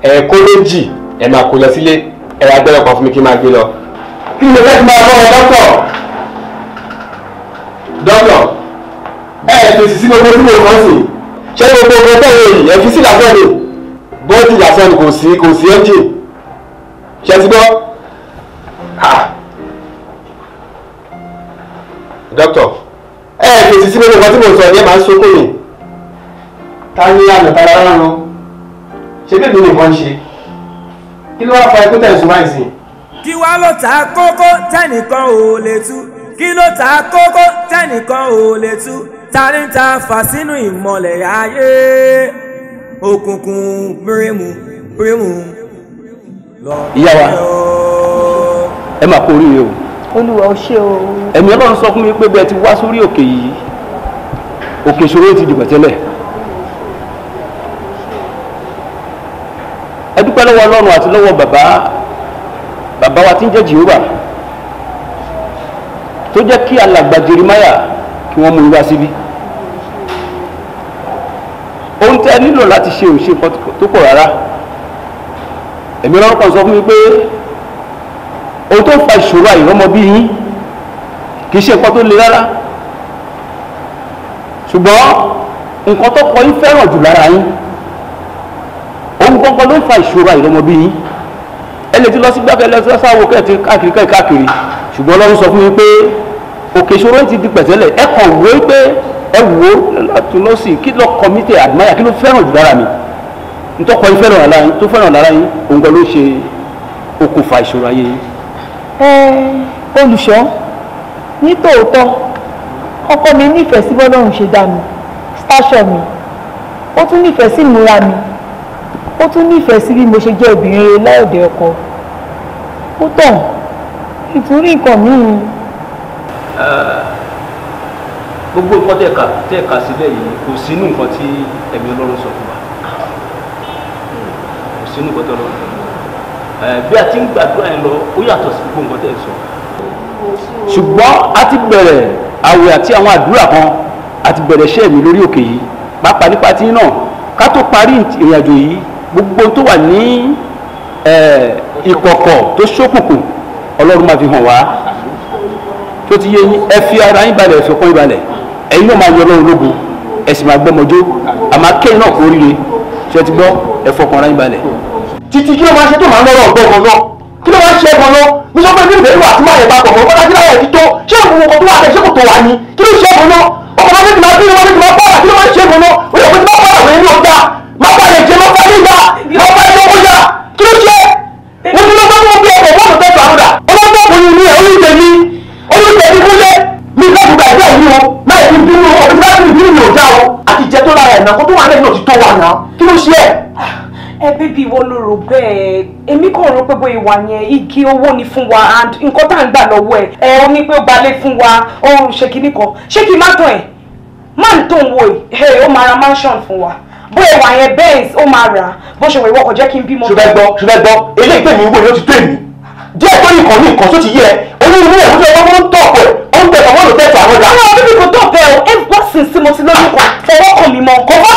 ẹ̀ẹ́kọ́ méjì ẹ̀ máa kó lọ sílé ẹ̀rọ agbẹ́rẹ́ kan fún mi kí n máa gbé lọ. kí ni lẹ́sẹ̀ máa bọ́ ọ dọ́kọ̀ dọ́kọ̀ ẹ̀ ẹ̀ fèsì sí gbogbo tí mo kàn sí ṣé gbogbo ọgbọ́n tẹ̀lé yìí ẹ̀ fi sí làásán ni bọ́ọ̀dì làásán ni kò sí kò sí ẹ́ńjìn ṣe ti gbọ́ Doctor, ẹ ẹ fèsì sí gbogbo nǹkan tí mo sọ ní ẹ máa ń sókò ní ta ni àná tara rárun ṣé bébí nìkan ṣe kí ló wá fa ikú tẹ̀sùn báyìí sí. kí wá ló ta kókó tẹnìkan ò lè tú kí ló ta kókó tẹnìkan ò lè tú ta ni ta fà sínú ìmọ̀lẹ̀ ayé òkùnkùn pírímù pírímù lọ. ìyá wa ẹ máa kú oríire o olúwa ó ṣe o. ẹ̀mí ọlọ́run sọ fún mi pé bẹ́ẹ̀ ti wá sórí òkè yìí òkè ìṣòro ti dìbò tẹ́lẹ̀. ẹ dúpẹ́ lọ́wọ́ ọlọ́run àti lọ́wọ́ bàbá bàbá wa tí ń jẹ́ Jèhófà tó jẹ́ kí alàgbà Jeremáyà kí wọ́n mú wá síbí ohun tí ẹ nílò láti ṣe ò ṣe tó pọ̀ rárá ẹ̀mí ọlọ́run kan sọ fún mi pé ohun tó fa ìṣòro àìrọ́mọ bí yín kì í ṣe nǹkan tó le rárá ṣùgbọ́n nǹkan tó kọ yín fẹ́ràn jù lára yín ohun gbọ́ngàn ló ń fa ìṣòro àìrọ́mọ bí yín ẹ lè ti lọ sí gbàgbé lọ sáwọ kẹ́ẹ̀tì káàkiri káàkiri ṣùgbọ́n Ọlọ́run sọ fún yín pé òkè ìṣòro yìí ti di pẹ̀tẹ́lẹ̀ ẹ kàn wó pé ẹ wò ó láti lọ sí kí lọ kọ́mítẹ̀ àdìmáyà kí ló fẹ́ràn jù lára mi ntọ́kọ yín fẹ́ràn lára yín tó fẹ́ràn lára yín òun gan ló ṣe okùnfà ìṣòro ayé yín olùṣọ́ ní tòótọ́ ọkọ mi nífẹ̀ẹ́ sí bọ́lọ́run ṣe dá mi stáṣọ mi ó tún nífẹ̀ẹ́ sí ìmúra mi ó tún nífẹ̀ẹ́ sí bí mo ṣe jẹ́ obìnrin rere láòdẹ ọkọ ó tàn ìtúrí nǹkan míì. gbogbo nǹkan tẹ̀ka tẹ̀ka sílẹ̀ yìí kò sínú nǹkan tí ẹ̀mí ọlọ́run sọ fún wa kò sínú nǹkan tí ọlọ́run sọ fún wa. Eh, bí a ti ń gbàdúrà yẹn lọ ó yàtọ̀ sí gbogbo nǹkan tẹ̀ sọ. ṣùgbọ́n a ti bẹ̀rẹ̀ àwẹ̀ àti àwọn àdúrà kan a ti bẹ̀rẹ̀ iṣẹ́ mi lórí òkè yìí pàápàá nípa tí náà ká tó parí ìrìnàjò yìí gbogbo tó wà ní eh, ìkọ̀kọ̀ tó ṣókùnkùn ọlọ́run máa fi hàn wá tó ti yé yín ẹ fi ara yín balẹ̀ ẹ fi ọkàn yín balẹ̀ ẹ̀yin náà máa yọ ọlọ́run lógun ẹ máa gbọ́mọjó àmọ́ akẹ́yìn náà kórìíre ṣe ti gbọ́ ẹ fọkàn ara yín balẹ̀ títí kí ló máa ṣe tó máa ń lọ́rọ̀ ọ̀gbẹ́ kan náà kí ló máa ń ṣe gan náà mi sọ pé ní ìbẹ̀rù àti máa yẹ papọ̀ mọ́ kọ́lá kí láyẹ̀ ti tó ṣé òkú nǹkan tó wà tẹ̀ ṣé kò tó wà ní kí ló ṣe gan náà ọkọ̀ máa ń tètè máa bí wọn tètè máa pààrà kí ló máa ń ṣe gan náà ó yẹ kó ti máa pààrà wẹ̀ ní ọjà máa pààrà ìjẹ máa pààrà ìgbà máa pààrà ìjọ kó yà kí ló ṣe mo ti lọ sọ fún bí ẹ̀kọ́ fọ́ọ̀mù tẹ́tù àrùdà ọlọ́dọ̀ kò o náà o àti ìjẹ tó ẹ bíbí ìwọ ló rò bẹ́ẹ̀ èmi kàn rò pé bóyá ìwà yẹn igi owó ni fún wa and nǹkan tá à ń gbà lọ́wọ́ ẹ̀ ẹ ó ní pé ó balẹ̀ fún wa ọrùn ṣe kínní kan ṣé kí n má tàn ẹ̀ máa tó ń wo ẹ̀ ó máa ra mansion fún wa bóyá ìwà yẹn benz ó máa rà bó ṣe wọ̀ ìwọ kò jẹ́ kí n bímọ. ṣùgbọ́n gbọ́ ṣùgbọ́n gbọ́ eléyìí tèmi wò ni ti tó èmi díẹ̀ tó ní nǹkan ní nǹkan tó ti yẹ onírúurú ẹ̀ ló tẹ̀sán fọwọ́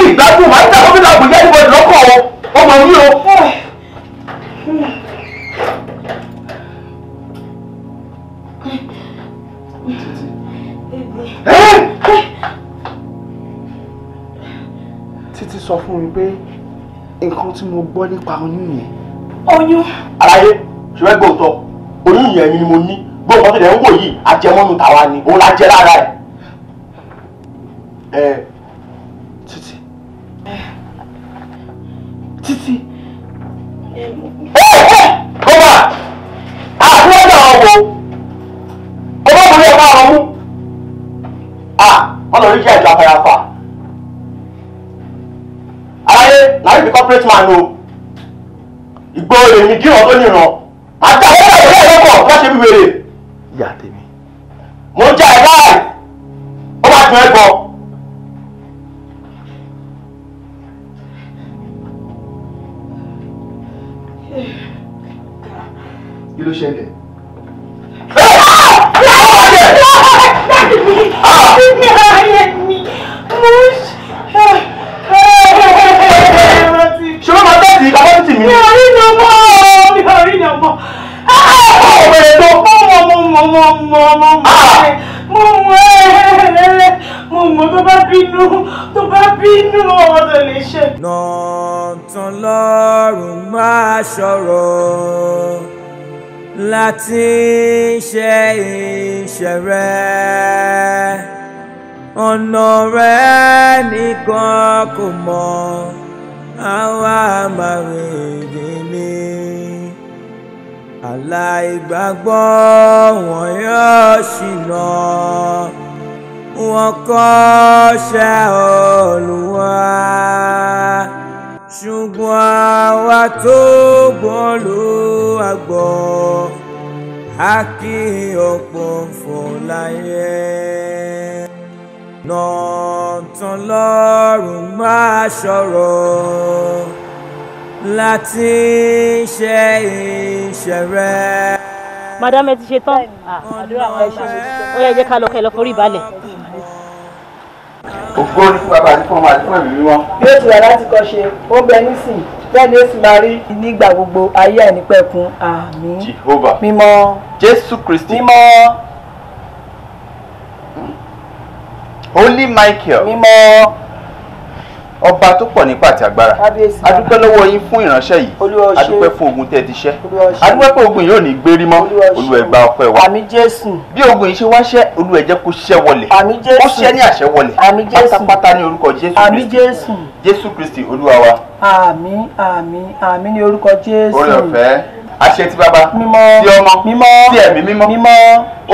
ní ìgbádùn máa ń dá gómìnà àgbègbè ẹnìbọdì lọ́kọ̀ o ọmọ mi o. títí sọ fún mi pé nǹkan tí mo gbọ́ nípa oyún yẹn. oyún. àlàyé ṣùgbọ́n ẹgbẹ́ òótọ́ oyún yẹn ni mo ní gbọ́dọ̀ tó lè ń wò yìí ajẹmọ́nu tàwa ni òun la jẹ́ lára ẹ̀. ti ń ṣe iṣẹ́ rẹ̀ ọ̀nà rẹ̀ nìkan kò mọ̀ àwa máa rèé ní aláìgbàgbọ́ wọn yóò ṣìnà wọn kọ́ṣẹ́ Olúwa ṣùgbọ́n àwa tó gbọ́ ló àgbọ̀ akí ọ̀pọ̀ fọláyẹ nọ̀tàn lọ́rùn máa ṣọ̀rọ̀ láti ṣe iṣẹ́ rẹ̀. madam ẹ ti ṣe tán àdúrà wa ẹ ṣe ó yẹ jẹ́ ká lọ kẹ́ lọ forí balẹ̀ ògbó nípa bàbá àti fún ọmọ àti fún ẹ̀mí wọn. bí ó ti wà láti kọ́ ṣe ó bẹ nísìnyí bẹ́ẹ̀ni ó sì máa rí nígbà gbogbo ayé àìnípẹ̀kun àmín Jehovah mímọ́ Jésù Kristi mímọ́. Holy Michael mímọ́ ọba tó pọ̀ nípa àti agbára adúpẹ́ lọ́wọ́ yín fún ìránṣẹ́ yìí adúpẹ́ fún ogun tẹ́ ti ṣẹ́ adúpẹ́ pé ogun yìí ò ní gbérí mọ́ Olúwa gba ọpẹ́ wa bí ogun yìí ṣe wá ṣẹ́ Olúwa jẹ́ kó ṣẹ́ wọlé ó ṣẹ́ ní àṣẹ wọlé pátápátá ní orúkọ Jésù Jésù Kristi Olúwa wa. àmín àmín àmín ní orúkọ Jésù. orí ọ̀fẹ́ àṣẹ ti bàbá ti ọmọ ti ẹ̀mí mímọ́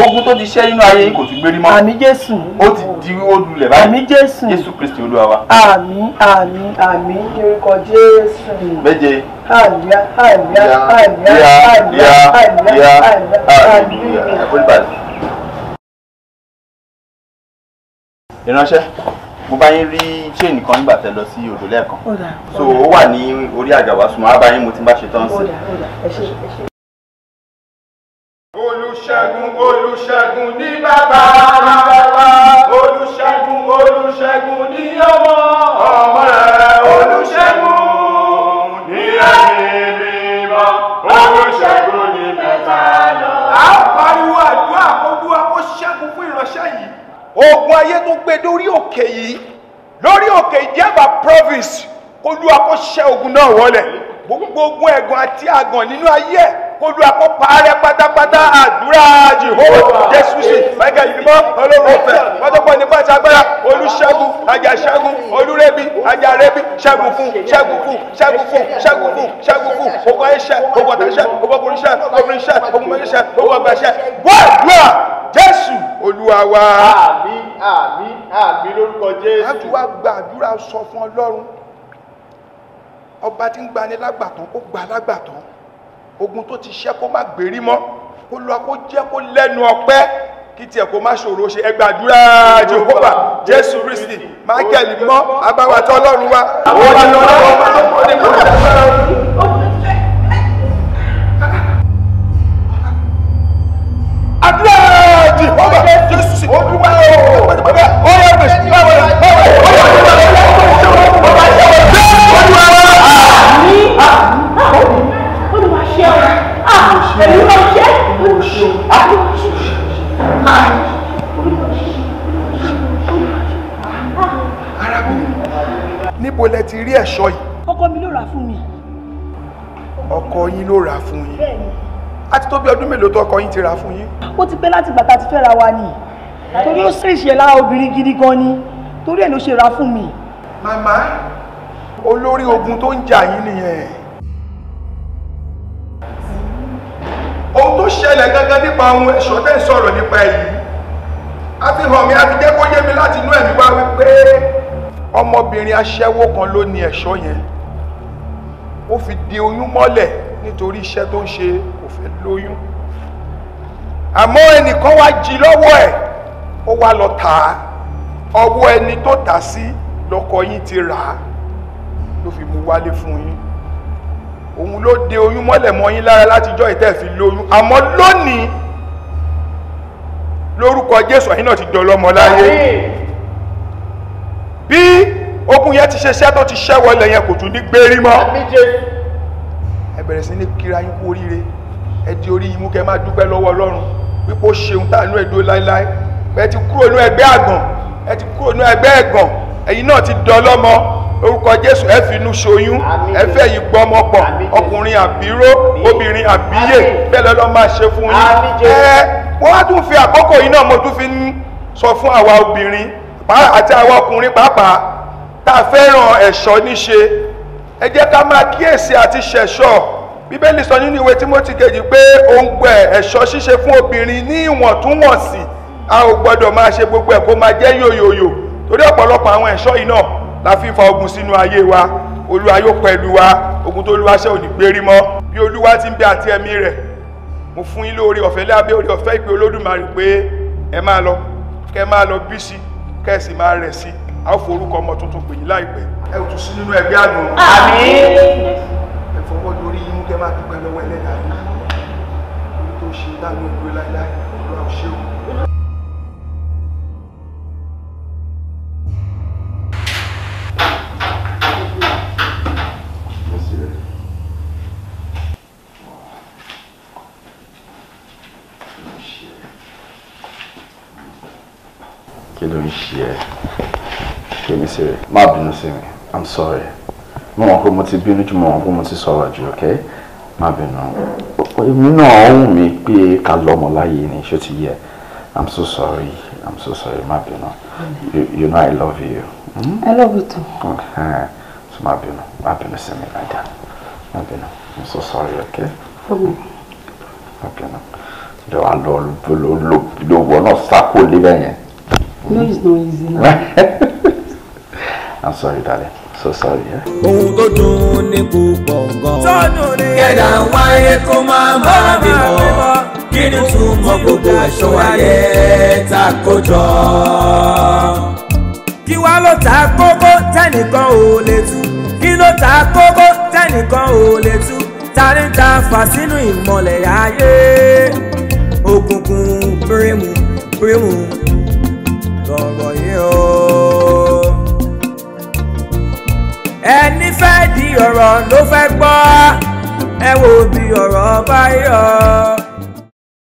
ogun tó ti ṣẹ́ nínú ayé kò ti gbérí mọ́ àmín jésù ó ti di wíwó lulẹ̀ báyìí àmín jésù jésù kristi olúwa wa. àmín àmín àmín orúkọ jésù. méje. àlíyá àlíyá àlíyá àlíyá àlíyá àlíyá àlíyá ìránṣẹ́ mo bá yín rí chain kan nígbà tẹ lọ sí odò lẹ́ẹ̀kan so ó wà ní orí àgàwà sùnmọ́ á bá yín mo ti bá ṣe tán sí. olùṣègùn olùṣègùn ní bàbá olùṣègùn olùṣègùn ní ọmọ ọmọ. ogun ayé tó gbé dórí òkè yìí lórí òkè ìjẹba province kó lúwa kó ṣẹ́ ogun náà wọlẹ gbogbo ogun ẹ̀gàn àti àgàn nínú ayé ẹ kó lúwa kó parẹ́ pátápátá àdúrà Jehovah Jésù sí mẹgà ìdìbò olóòfẹ pátápátá nípa ìṣàgbára olùṣègùn àjàṣẹ́gun olúrẹbi àjàrẹbi ṣẹ́gun fún ṣẹ́gun fún ṣẹ́gun fún ṣẹ́gun fún ṣẹ́gun fún ogun ayé ṣẹ ogun àtàṣẹ ogun ọkùnrin ṣẹ obìnrin ṣẹ ogun mẹ́rin ṣẹ ogun jésù olúwa wa. àmín àmín àmín lórúkọ jésù. láti wá gbàdúrà sọ fún ọlọ́run ọba tí ń gbani lágbàtàn ó gbà lágbàtàn ogun tó ti ṣẹ́ kó má gbèrí mọ́ kó lọ kó jẹ́ kó lẹ́nu ọpẹ́ kí tiẹ̀ kó má ṣòro ṣe ẹ gbàdúrà jehova jésù kristi michael mọ́ abáwàtọ́ ọlọ́run wa. àwọn ọmọ ọlọ́run wa ló kọ́ ní kó lọ́wọ́. níbo lẹ ti rí ẹ̀ṣọ́ yìí. ọkọ mi ló rà fún mi. ọkọ yín ló rà fún yín. bẹ́ẹ̀ni. a ti tó bí ọdún mélòó tó ọkọ yín ti rà fún yín. ó ti pẹ́ láti gbà tá a ti fẹ́ ra wa nìyí torí ó sì ṣe lára obìnrin gidi gan ni torí ẹ̀ ló ṣe ra fún mi. màmá olórí ogun tó ń jà yín nìyẹn ohun tó ṣẹlẹ̀ gangan nípa àwọn ẹ̀ṣọ́ tẹ́ ń sọ̀rọ̀ nípa èyí a fi hàn mí a fi jẹ́ kó yé mi láti inú ẹ̀mí wá wípé ọmọbìnrin aṣẹ́wó kan ló ní ẹ̀ṣọ́ yẹn ó fi di oyún mọ́lẹ̀ nítorí iṣẹ́ tó ń ṣe kò fẹ́ lóyún àmọ́ ẹnìkan wá jí lọ́wọ́ ẹ̀ ó wá lọ tà á ọwọ́ ẹni tó tà sí lọkọ yín ti rà á ló fi mú wálé fún yín òun ló de oyún mọ́lẹ̀ mọ́ yín lára látijọ́ ìtẹ́ fi lóyún àmọ́ lónìí lórúkọ Jésù ẹ̀yin náà ti dọlọ́mọ láyé bí ogun yẹn ti ṣe ṣẹ́ tó ti ṣẹ́ wọlé yẹn kò tún ní gbérí mọ́ ẹ bẹ̀rẹ̀ sí ní kíra yín kú oríire ẹ di orí yín mú máa dúpẹ́ lọ́wọ́ Ọlọ́run wípé ó ṣeun táànú ẹ̀ dúró láéláé ẹ ti kúrò ní ẹgbẹ́ àgàn ẹ ti kúrò ní ẹgbẹ́ ẹ̀gàn ẹ̀yin náà ti dọlọ́mọ orúkọ jésù ẹ fi inú ṣoyún ẹ fẹ́ yìí gbọ́mọ pọ̀ ọkùnrin àbíró obìnrin àbíyè bẹ́ẹ̀ lọ́lọ́ máa ṣe fún yín ẹ wọ́n á tún fi àkókò yìí náà mo tún fi ń sọ fún àwa obìnrin àti àwa ọkùnrin pàápàá tá a fẹ́ràn ẹ̀ṣọ́ níṣe ẹ jẹ́ ká máa kíyèsí àti ṣẹ̀ṣọ́ bíbélì sọ nínú ìwé Tímótì kejì pé òǹgbẹ ẹ̀ṣọ́ ṣíṣe fún obìnrin ní ìwọ̀ntúnwọ̀nsì a ò gbọ́dọ̀ máa ṣe gbogbo ẹ̀ kó máa jẹ́ yòyòyò torí ọ̀pọ̀lọpọ̀ àwọn ẹ̀ṣọ́ yìí náà la fi fa ogun sínú ayé wa olúwa yóò pẹ̀lú wa ogun tó olúwa ṣe ò ní gbérí mọ́ bí olúwa ti ń bẹ àti ẹ̀mí rẹ̀ mo fún yín lóore ọ̀fẹ́ lábẹ́ orí ọ̀fẹ́ ìpè olódùmarè pé ẹ máa lọ kẹ máa lọ bí sí kẹ sì máa rẹ̀ sí a ó forúkọ ọmọ tuntun pè yín láìpẹ́ ẹ ò tún sí nínú ẹgbẹ́ àná. àmín. ẹ fọwọ́ lórí yín kẹ máa dúpẹ́ lọ́wọ́ ẹlẹ́dàá yín orí tó ṣe dáná ìwé láéláé ọlọ́run ṣeun. kí ló ń ṣe ẹ́ kébí sí rẹ̀ má bínú mi i'm sorry mo mọ̀ pé mo ti bínú jù mo mọ̀ pé mo ti sọ̀rọ̀ jù ok má bínú èmi náà ń wù pé ká lọ́mọ láyé ni ṣó ti yẹ i'm so sorry i'm so sorry má bínú you, know i love you. Hmm? i love you too. Okay. so má bínú má bínú sí mi lájà má bínú i'm so sorry ok. má bínú. ìjọba lọ lọ wọ náà sákò lébẹ̀ yẹn. No, it's not I'm sorry, darling. So sorry. Ohun Kí ni túmọ̀ ta kókó tẹ́nìkan ò lè tú? Kí ló ta kókó tẹ́nìkan ò lè tú? Ta ni ta fà sínú ìmọ̀lẹ̀ ayé? Òkùnkùn bírímù bírímù sọ̀rọ̀ yìí o. ẹni fẹ́ di ọ̀rọ̀ ló fẹ́ gbọ́ ẹ wo bí ọ̀rọ̀ bá yọ.